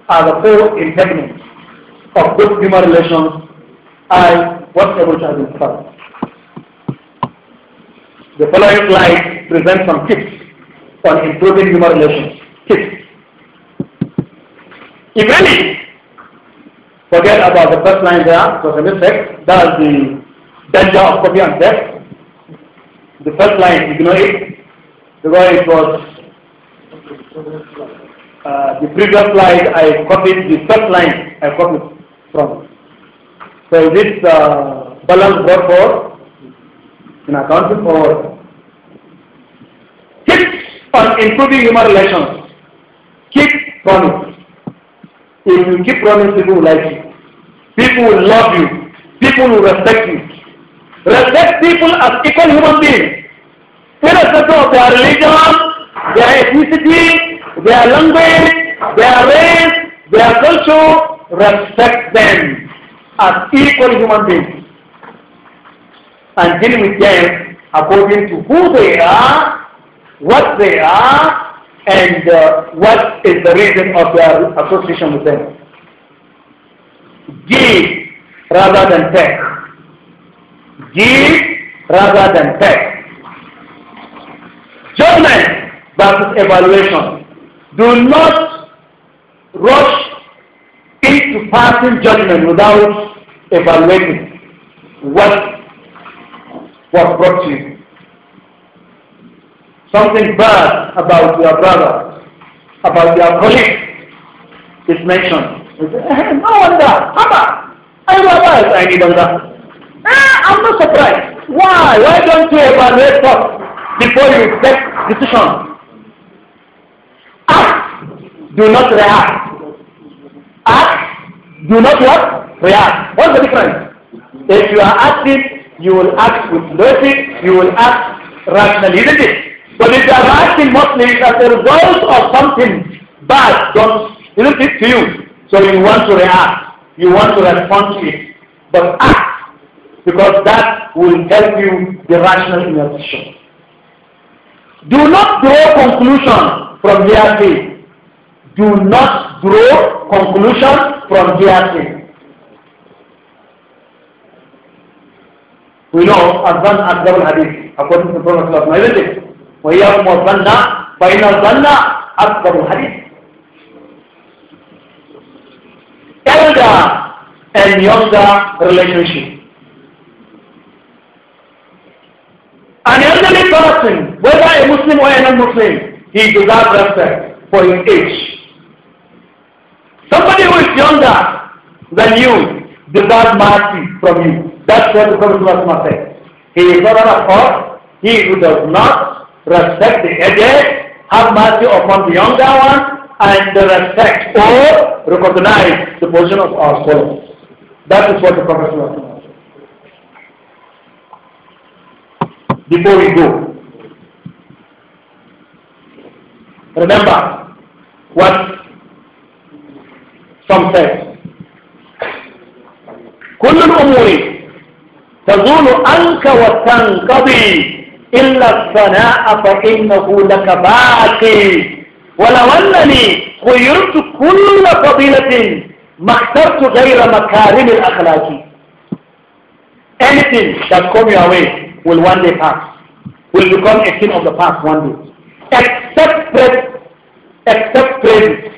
are the four impediments of good human relations and whatever which has The following slide presents some tips on improving human relations. Tips. If any, forget about the first line there, because a mistake, that's the danger of copy and death. The first line, ignore it, because it was uh, the previous slide, I copied the first line I copied from. So this uh, balance brought for in accounting for tips on improving human relations. Keep promise. If you keep promise, people will like you. People will love you. People will respect you. Respect people as equal human beings. Irrespective of their religion, their ethnicity, their language, their race, their culture, respect them as equal human beings and deal with them according to who they are, what they are, and uh, what is the reason of their association with them. Give rather than take. Give rather than take. Judgment versus evaluation. Do not rush into passing judgment without evaluating what was brought to you. Something bad about your brother, about your colleague is mentioned. Eh, no wonder, Abba, I realize I need that. Eh, I'm not surprised. Why? Why don't you evaluate first before you take decision? Do not react. Act, do not what? React. What's the difference? If you are active, you will act with logic, you will act rationally, isn't it? But if you are acting mostly as a result of something bad, done isn't it to you? So you want to react, you want to respond to it, but act, because that will help you be rational in your decision. Do not draw conclusions from hearsay do not draw conclusion from their sin. We know one as Adabul Hadith, according to the Prophet of than that, it? وَيَوْمَ الظَّنَّ بَيْنَ as أَكْبَرُ hadith. Elder and younger relationship. An elderly person, whether a Muslim or a non-Muslim, he deserves respect for his age. Somebody who is younger than you deserves mercy from you. That's what the Prophet Muhammad said. He is not an of He who does not respect the aged, have mercy upon the younger one, and respect or recognize the position of our scholars. That is what the Prophet Muhammad said. Before we go, remember what صنفان كل الأمور تزول عنك وتنقضي إلا الثناء فإنه لك باقي ولو أنني خيرت كل فضيلة ما اخترت غير مكارم الأخلاق Anything that comes your way will one day pass, will become a thing of the past one day. Except praise, except praise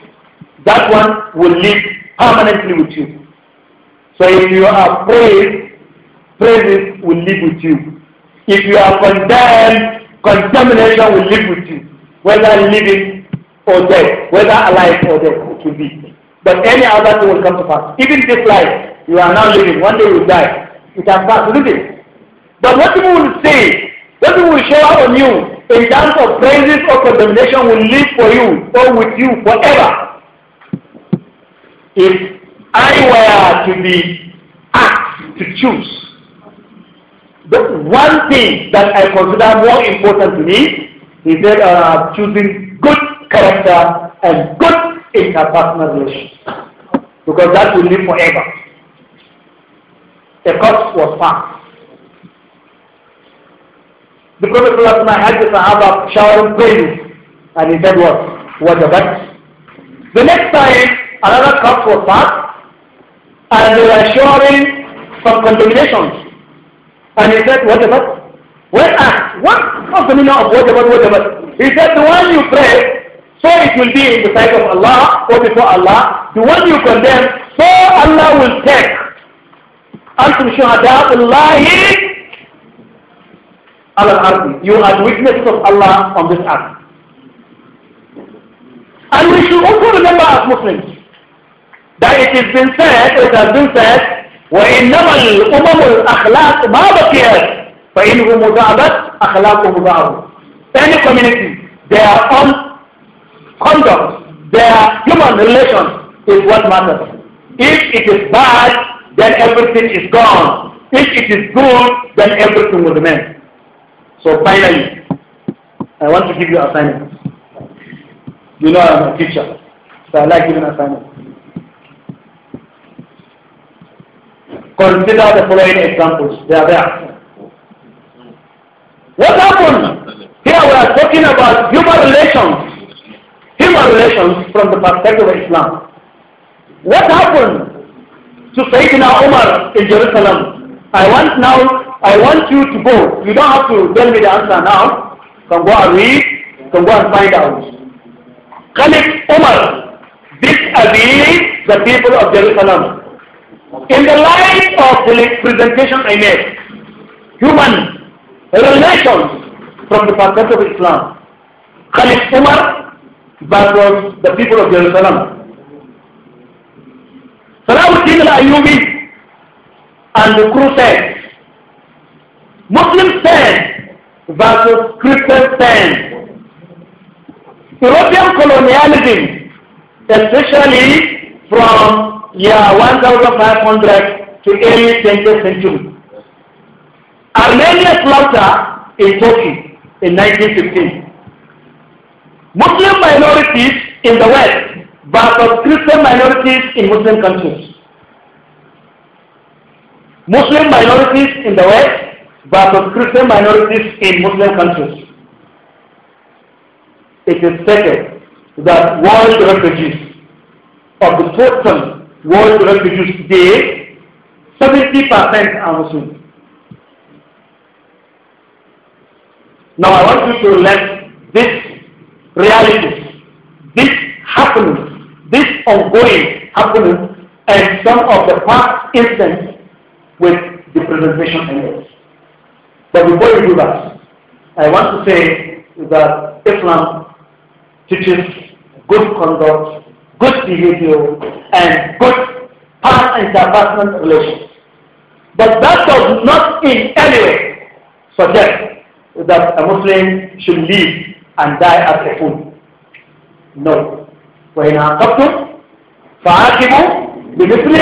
That one will live permanently with you. So if you are praised, praises will live with you. If you are condemned, contamination will live with you, whether living or dead, whether alive or dead, it will be. But any other thing will come to pass. Even this life, you are now living. One day you will die. It has passed, isn't it? But what people will say, what people will shower on you, in terms of praises or condemnation, will live for you or with you forever. If I were to be asked to choose the one thing that I consider more important to me, is that uh, choosing good character and good interpersonal relations. Because that will live forever. The cost was fast. The Prophet had the Sahaba showering praise and he said what? What the best? The next time another cup was passed and they were showing some contaminations. And he said, what about? When asked, what of the meaning of whatever? Whatever?" He said, the one you pray, so it will be in the sight of Allah or before Allah. The one you condemn, so Allah will take. أنتم شهداء الله على You are witnesses of Allah on this earth. And we should also remember as Muslims, that it has been said, it has been said, وإنما الأمم الأخلاق ما بقيت فإنه مذابت أخلاقه مذاب Any community, their own conduct, their human relations is what matters. If it is bad, then everything is gone. If it is good, then everything will remain. So finally, I want to give you assignments. You know I'm a teacher, so I like giving assignments. Consider the following examples. They are there. What happened? Here we are talking about human relations. Human relations from the perspective of Islam. What happened to Sayyidina Umar in Jerusalem? I want now, I want you to go. You don't have to tell me the answer now. Come go and read, Come go and find out. Caliph Umar disagreed the people of Jerusalem. In the light of the presentation I made, human relations from the perspective of Islam, Khalid Umar versus the people of Jerusalem. Salahuddin al-Ayyubi and the Crusades. Muslim stand versus Christian stand. European colonialism, especially from year 1500 to early 20th century. Armenian slaughter in Turkey in 1915. Muslim minorities in the West versus Christian minorities in Muslim countries. Muslim minorities in the West versus Christian minorities in Muslim countries. It is stated that world refugees of the total World Product Produced Today, 70% are Muslim. Now I want you to let this reality, this happening, this ongoing happening, and some of the past incidents with the presentation ended. But before you do that, I want to say that Islam teaches good conduct, good behavior, and good past interpersonal relations. But that does not in any way suggest that a Muslim should live and die as a fool. No. وإن عاقبتم فعاقبوا بمثل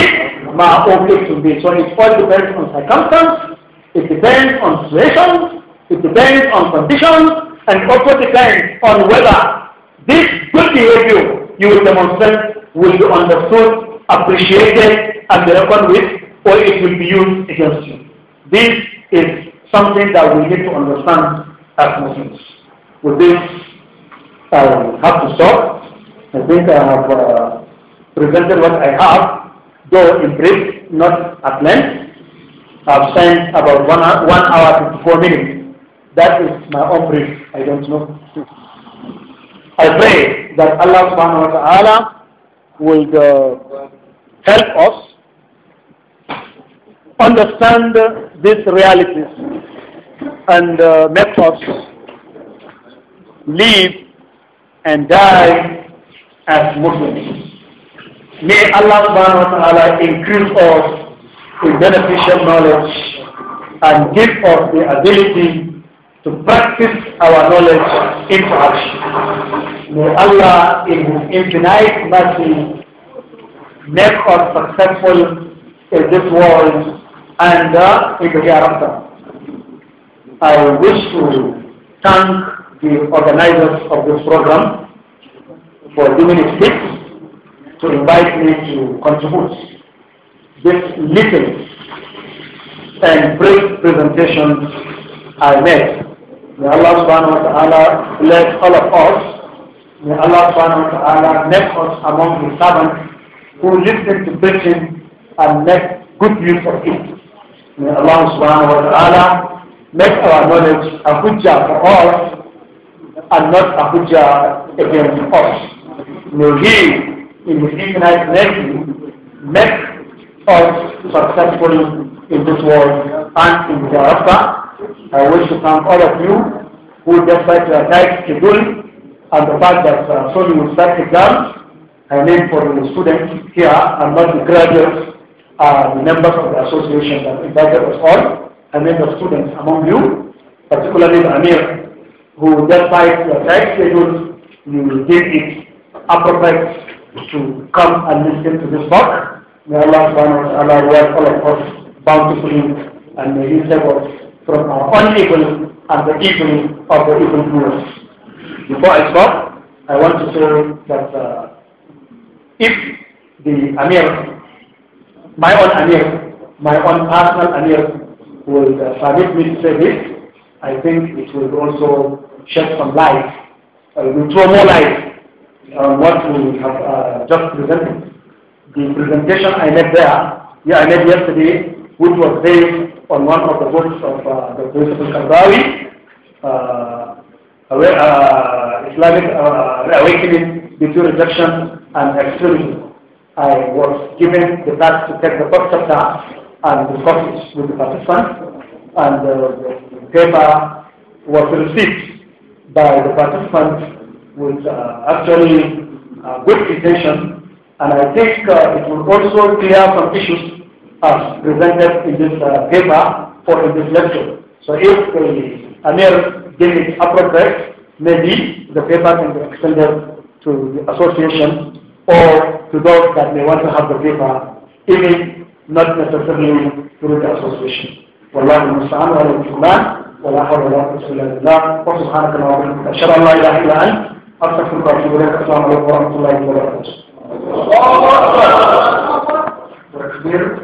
ما أوقفتم به. So it all depends on circumstance, it depends on situations, it depends on conditions, and also depends on whether this good behavior you will demonstrate will be understood, appreciated, and reckoned with, or it will be used against you. This is something that we need to understand as Muslims. With this, I have to stop. I think I have uh, presented what I have, though in brief, not at length. I've spent about one hour, one hour 54 minutes. That is my own brief. I don't know. I pray that Allah subhanahu wa ta'ala would uh, help us understand these realities and uh, make us live and die as Muslims. May Allah subhanahu wa ta'ala increase us with beneficial knowledge and give us the ability to practice our knowledge into action. May Allah, in His infinite mercy, make us successful in this world and uh, in the hereafter. I wish to thank the organizers of this program for giving it fit to invite me to contribute this little and brief presentation I made. May Allah subhanahu wa ta'ala bless all of us. May Allah subhanahu wa ta'ala make us among the servants who listen to preaching and make good use of it. May Allah subhanahu wa ta'ala make our knowledge a hujjah for us and not a hujjah against us. May He, in His infinite mercy, make us successful in this world and in the hereafter. I wish to thank all of you who, despite your night schedule and the fact that uh, Sony will start exams, I mean for the students here and not the graduates, uh, the members of the association that invited us all, I mean the students among you, particularly the Amir, who despite your tight schedule, you will deem it appropriate to come and listen to this talk. May Allah subhanahu wa ta'ala reward all of us bountifully and may He save us from our own evil and the evil of the evil doers. Before I stop, I want to say that uh, if the Amir, my own Amir, my own personal Amir will uh, permit me to say this, I think it will also shed some light, uh, will throw more light on what we have uh, just presented. The presentation I made there, yeah, I made yesterday, which was based on one of the books of uh, the Yusuf of qardawi uh, uh, Islamic uh, Awakening Between Rejection and Extremism. I was given the task to take the first chapter and discuss it with the participants and uh, the paper was received by the participants with actually good intention and I think it will also clear some issues as presented in this uh, paper for in this lecture. So if the Amir deems it appropriate, maybe the paper can be extended to the association or to those that may want to have the paper, even not necessarily through the association. ولا حول ولا قوة إلا بالله وسبحانك اللهم وبحمدك أشهد أن لا إله إلا أنت أستغفرك وأتوب إليك السلام عليكم ورحمة الله وبركاته.